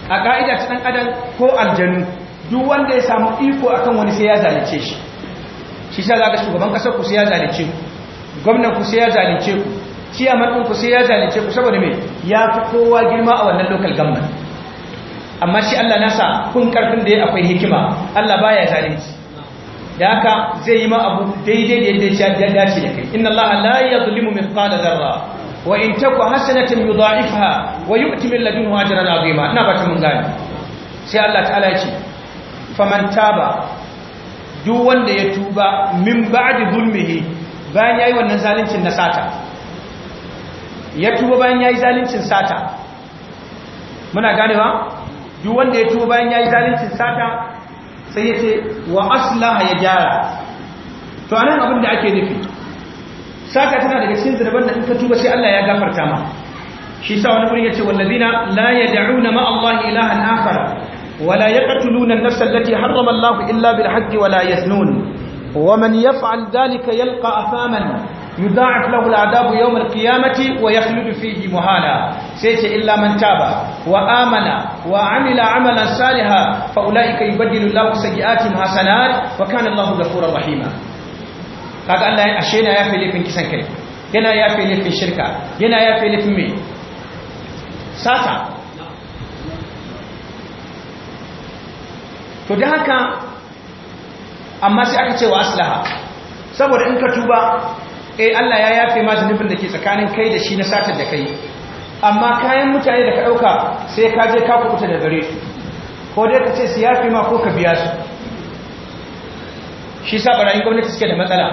a ka'ida ta ɗan adam ko aljanu duk wanda ya samu iko akan wani sai ya zalunce shi shi sa zaka shugaban ƙasar ku sai ya zalunce ku gwamnan ku sai ya zalunce ku ciya ɗin ku sai ya zalunce ku saboda mai ya fi kowa girma a wannan lokal government amma shi Allah nasa kun karfin da ya akwai hikima Allah baya zalunci da haka zai yi ma abu daidai da yadda ya dace da kai inna Allah la yadhlimu mithqala dharra wa in taku hasanatin yudha'ifha wa yu'ti min ladunhu ajran 'azima ina ba tun mun gani sai Allah ta'ala ya ce faman taba duk wanda ya tuba min ba'di zulmihi bayan yayi wannan zalincin na sata ya tuba bayan yayi zalincin sata muna ganewa duk wanda ya tuba bayan yayi zalincin sata sai ya ce wa aslaha ya jara to anan abin da ake nufi saka tana daga cikin zurban da ta tuba sai Allah ya gafarta ma shi sa wani gurin yace walladina la yad'una ma Allah ilahan akhar wala yaqtuluna an-nafs allati harrama Allah illa bil hajji wala yasnun wa man yaf'al dhalika yalqa afaman yudha'af lahu al'adabu yawm al-qiyamati wa yakhludu fihi muhala sai ce illa man taba wa amana wa amila amalan saliha. fa ulaika yubaddilu Allahu sayyi'atihim hasanat wa lahu Allahu ghafurur rahima kaga Allah ya ashe yana yafe laifin kisan kai yana yafe laifin shirka yana yafe laifin mai sata to da haka amma sai aka ce wa aslaha saboda in ka tuba eh Allah ya yafe ma zunubin da ke tsakanin kai da shi na satar da kai amma kayan mutane da ka ɗauka sai ka je ka kuɓuta da gare su ko dai ka ce su yafe ma ko ka biya su shi sa barayin gwamnati suke da matsala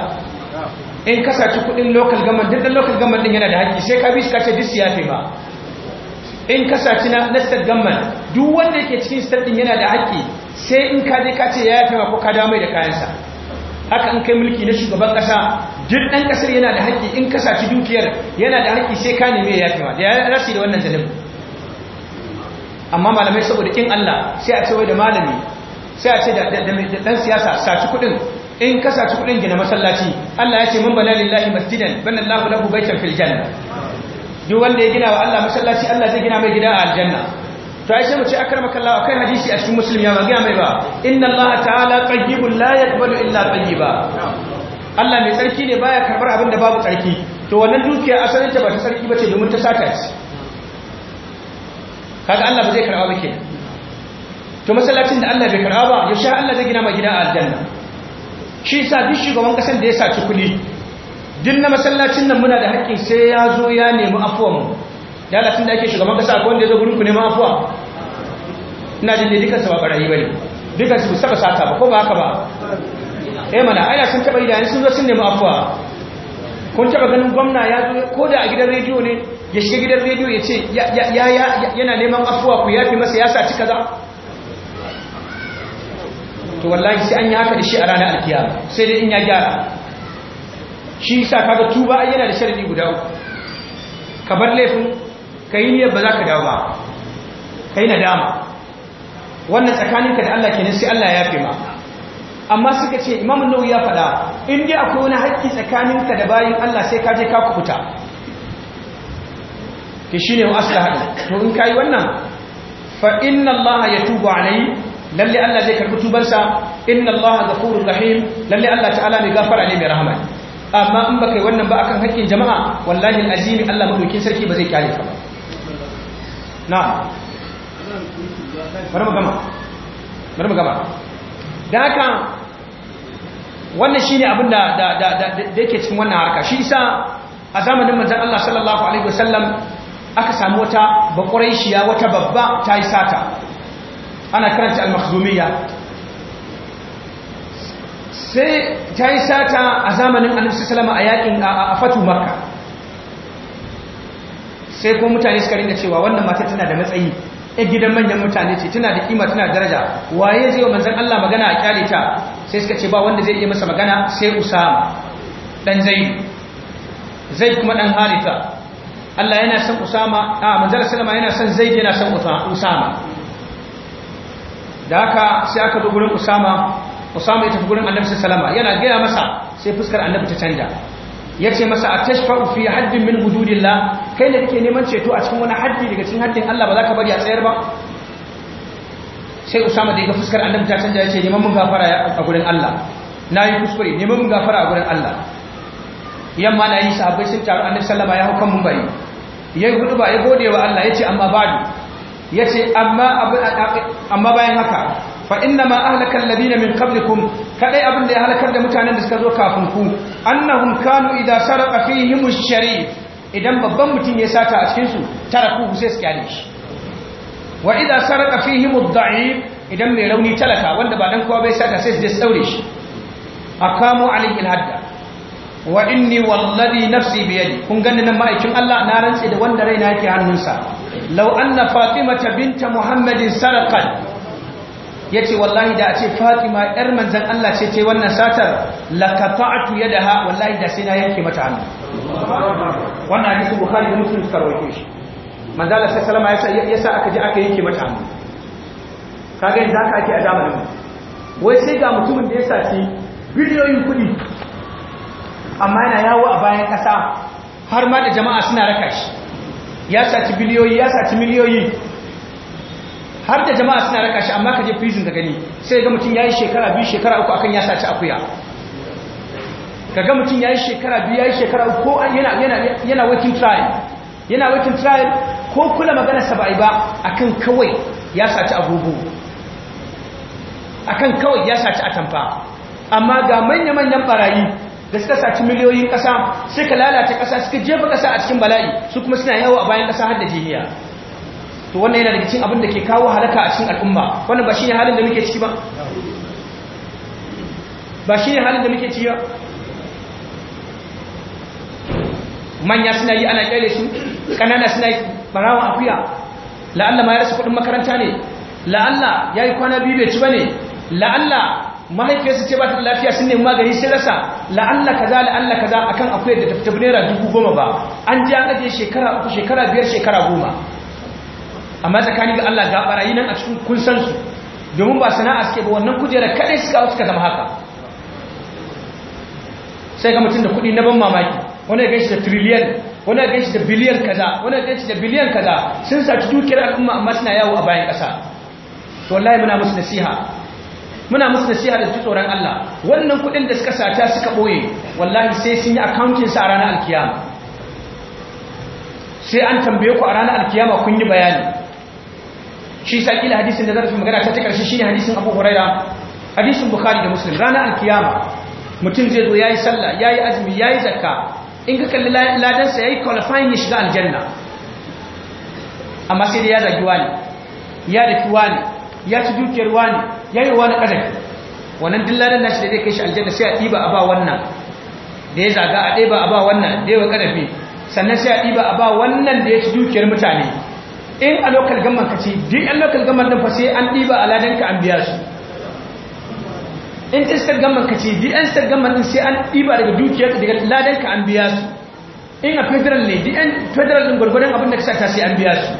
in kasace kudin local government duk da local government din yana da haƙƙi sai ka bi su kace duk siyafe ba in kasace na na state government duk wanda yake cikin state din yana da haƙƙi sai in ka je ka ce ya yafe ma ko ka dawo mai da kayansa haka in kai mulki na shugaban kasa duk dan kasar yana da haƙƙi in kasace dukiyar yana da haƙƙi sai ka neme ya yafe ma da ya rasi da wannan zalimi amma malamai saboda kin Allah sai a ce wai da malami sai a ce da dan siyasa saci kudin in ka saci kudin gina masallaci Allah ya ce mun bana lillahi masjidan bana Allahu lahu baitan fil janna duk wanda ya gina wa Allah masallaci Allah zai gina mai gida a aljanna to ai sai mu ce akramaka Allah akan hadisi a cikin muslim ya ga mai ba inna Allah ta'ala tayyibun la yaqbalu illa tayyiba Allah mai tsarki ne baya karbar abin da babu tsarki to wannan dukiya asalin ta ba ta tsarki bace domin ta saka ce kaga Allah ba zai karba ba ke. to masallacin da Allah bai karba ba ya Allah zai gina mai gida a aljanna shi sa duk shugaban kasar da ya saci cikuli duk na masallacin nan muna da haƙƙi sai ya zo ya nemi afuwanmu ya latin da ake shugaban kasa akwai wanda ya zo gudun ku neman afuwa ina jin da dukansu ba ɓarayi ba ne dukansu ba saba sata ba ko ba haka ba eh mana aina sun taɓa idanun sun zo sun nemi afuwa kun taɓa ganin gwamna ya zo ko da a gidan rediyo ne ya shiga gidan rediyo ya ce yana neman afuwa ku yafi masa ya saci kaza to wallahi sai an yi haka da shi a ranar alkiyama sai dai in ya gyara shi sa kaga tuba ai yana da sharadi guda uku ka bar laifin ka yi niyyar ba za ka dawo ba ka yi nadama wannan tsakaninka da Allah kenan sai Allah ya yafe ma amma suka ce Imam nau ya faɗa in dai akwai wani hakki tsakaninka da bayin Allah sai ka je ka kukuta ke shi ne wasu to in ka wannan fa inna Allah ya alai lalle Allah zai karbi tubansa inna Allah ghafurur rahim lalle Allah ta'ala mai gafara ne mai rahama amma in baka yi wannan ba akan haƙƙin jama'a wallahi alazim Allah madaukin sarki ba zai kyale ka ba Na. bari mu gama bari mu gama da haka wannan shine abin da da da da yake cikin wannan harka shi isa a zamanin manzon Allah sallallahu alaihi wasallam aka samu wata bakuraishiya wata babba ta yi sata ana karanta al-makhzumiyya sai ta yi sata a zamanin annabi sallama a yakin a fatu makka sai ko mutane suka rinka cewa wannan mata tana da matsayi a gidan manyan mutane ce tana da kima tana daraja waye zai wa manzon Allah magana a kyale ta sai suka ce ba wanda zai yi masa magana sai Usama dan Zaid Zaid kuma dan Haritha Allah yana son Usama a manzon Allah yana son Zaid yana son Usama da haka sai aka zo gurin usama usama ya tafi gurin annabi sallama yana gaya masa sai fuskar annabi ta canja ya ce masa a tashfa'u fi haddin min hududillah kai ne kake neman ceto a cikin wani haddi daga cikin haddin Allah ba za ka bari a tsayar ba sai usama da ya fuskar annabi ta canja ya ce neman mun gafara a gurin Allah na yi kuskure neman mun gafara a gurin Allah yamma na yi sahabbai sun taru annabi sallama ya hau kan mumbari ya yi hudu ba ya gode wa Allah ya ce amma badu yace amma amma bayan haka fa inna ma ahlaka alladhina min qablikum kadai abin da ya halakar da mutanen da suka zo kafin ku annahum kanu idza sarqa fihim ash-shari idan babban mutum ya sata a cikin su taraku sai su kyale shi wa idza sarqa fihim ad-da'if idan mai rauni talaka wanda ba dan kowa bai sata sai su je saure shi akamu alayhi al-hadda wa inni wallazi nafsi bi yadi kun ganni nan ma'aikin Allah na rantse da wanda raina yake hannunsa law anna fatimata binta muhammadin sarqat yace wallahi da a ce fatima yar manzon Allah ce ce wannan satar lakata'tu yadaha wallahi da sai na yanke mata hannu wannan hadisi bukhari da muslim suka rawaito shi manzon Allah sallallahu alaihi wasallam yasa aka ji aka yanke mata hannu kaga yanzu haka ake a zamanin wai sai ga mutumin da ya saci bidiyoyin kudi. amma yana yawo a bayan ƙasa har ma da jama'a suna raka shi ya saci biliyoyi ya saci miliyoyi har da jama'a suna raka shi amma ka je prison da gani sai ga mutum yayi shekara biyu shekara uku akan ya saci akuya ga mutum yayi shekara biyu yayi shekara uku ko yana yana yana working trial yana working trial ko kula magana sa ba ba akan kawai ya saci agogo akan kawai ya saci atamfa amma ga manya-manyan barayi da suka saci miliyoyin ƙasa suka lalata ƙasa suka jefa ƙasa a cikin bala'i su kuma suna yawo a bayan ƙasa har da jiniya to wannan yana daga cikin abin da ke kawo halaka a cikin al'umma wannan ba shi ne halin da muke ciki ba ba shi ne halin da muke ciki ba manya suna yi ana kyale su ƙanana suna yi barawan akuya la'alla ma ya rasa kuɗin makaranta ne la'alla ya yi kwana biyu bai ci ba ne la'alla mahaifiyarsu ce ba ta da lafiya sun nemi magani sai rasa la'alla kaza la'alla kaza akan akwai da tafi naira dubu goma ba an ji an ajiye shekara uku shekara biyar shekara goma amma tsakanin ga Allah ga barayi nan a cikin kun su domin ba sana'a suke ba wannan kujerar kadai suka suka zama haka sai ga mutum da kuɗi na ban mamaki wani ya da triliyan wani ya gaishe da biliyan kaza wani ya gaishe da biliyan kaza sun saci dukiyar al'umma amma suna yawo a bayan ƙasa to wallahi muna musu nasiha muna musu nasiha da tsoron Allah wannan kuɗin da suka sata suka boye wallahi sai sun yi accounting sa a ranar alkiyama sai an tambaye ku a ranar alkiyama kun yi bayani shi sa kila hadisin da zarafin magana ta ta karshe ne hadisin Abu Huraira hadisin Bukhari da Muslim ranar alkiyama mutum zai zo ya yayi sallah yayi azumi yi zakka in ka kalli ladansa ya yi qualifying ya shiga aljanna amma sai da ya zagi wani ya dafi wani ya ci dukiyar wani yayi wani kadai wannan dillalan nashi da zai kai shi aljanna sai a diba a ba wannan da ya zaga a diba a ba wannan da yawa kadafi sannan sai a diba a ba wannan da ya ci dukiyar mutane in a local government ka ce duk an local government din fa sai an diba a ladan ka an biya su in instant government ka ce duk an state government din sai an diba daga dukiyar ka daga ladan ka an biya su in a federal ne duk an federal din gurgurdan abin da ka sa ta sai an biya su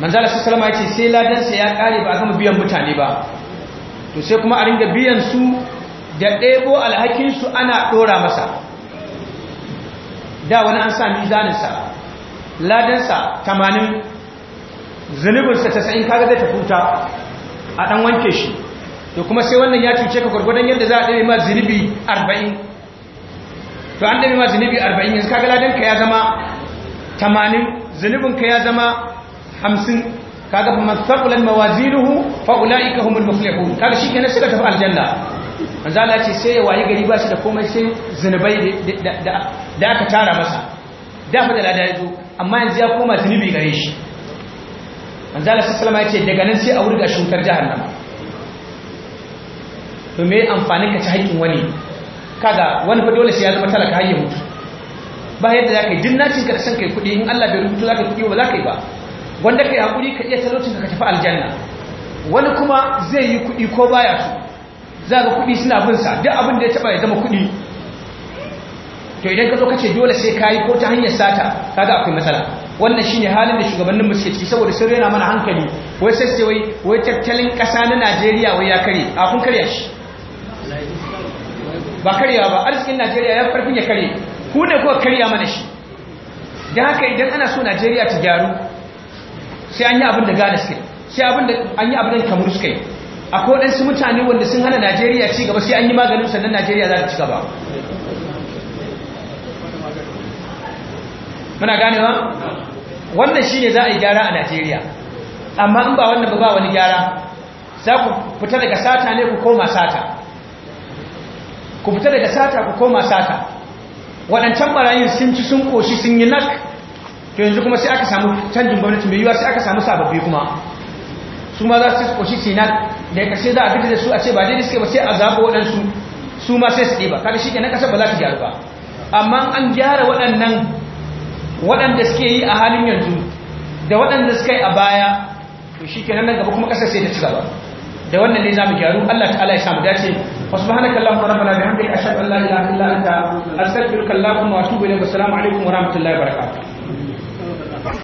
manzala ya ce sai ladansa ya kare ba a gama biyan mutane ba to sai kuma a ringa biyan su da ɗebo alhakinsu ana ɗora masa da wani an sa mizaninsa ladansa tamanin zunubinsa sa'in kaga zai ta wuta a ɗan wanke shi to kuma sai wannan ya cuce ka gwargwadon yadda za a ɗaya ma zunubi arba'in to an ɗaya ma zunubi arba'in yanzu kaga ladanka ya zama tamanin zunubinka ya zama hamsin kaga man thaqulan mawazinuhu fa ulaika humul muflihun kaga shi kenan suka tafi aljanna manzo Allah ce sai ya wayi gari ba shi da komai sai zinubai da da aka tara masa da fa da lada yazo amma yanzu ya koma zinubi gare shi manzo Allah sallallahu alaihi wasallam ya ce daga nan sai a wurga shukar jahannama to me amfani ka ci haƙin wani kaga wani fa dole sai ya zama talaka har ya mutu ba yadda zaka yi dinnacin ka da san kai kudi in Allah bai rubuta zaka kudi ba zaka yi ba wanda yi hakuri ka iya salotin ka tafi aljanna wani kuma zai yi kuɗi ko baya su za ga kuɗi suna bin sa duk abin da ya taɓa ya zama kuɗi to idan ka zo ka ce dole sai ka yi ko ta hanyar sata ga akwai matsala wannan shine halin da shugabannin mu suke ciki saboda sun rena mana hankali wai sai sai wai wai tattalin ƙasa na Najeriya wai ya kare a kun kare shi ba karya ba arzikin Najeriya ya farfin ya kare ku ne kuka karya mana shi dan haka idan ana so Najeriya ta gyaru sai an yi abin da gane suke sai abin da an yi abin kamar suke akwai waɗansu mutane wanda sun hana najeriya ci gaba sai an yi maganin sannan najeriya za ta ci gaba muna ganewa wannan shine za a yi gyara a najeriya amma in ba wannan ba ba wani gyara za ku fita daga sata ne ku koma sata ku fita daga sata ku koma sata waɗancan barayin sun ci sun ƙoshi sun yi nak to yanzu kuma sai aka samu canjin gwamnati mai yiwuwa sai aka samu sababbi kuma su ma za su koshi sinan da ya kashe za a fita da su a ce ba dai suke ba sai a zaɓa waɗansu su ma sai su ɗiba kada shi kenan ƙasar ba za ta gyaru ba amma an gyara waɗannan waɗanda suke yi a halin yanzu da waɗanda suka yi a baya to shi kenan nan gaba kuma ƙasar sai ta ci gaba da wannan ne za mu gyaru Allah ta'ala ya samu dace وسبحانك اللهم ربنا بحمدك اشهد ان لا اله الا انت استغفرك اللهم واتوب اليك والسلام wa rahmatullahi wa وبركاته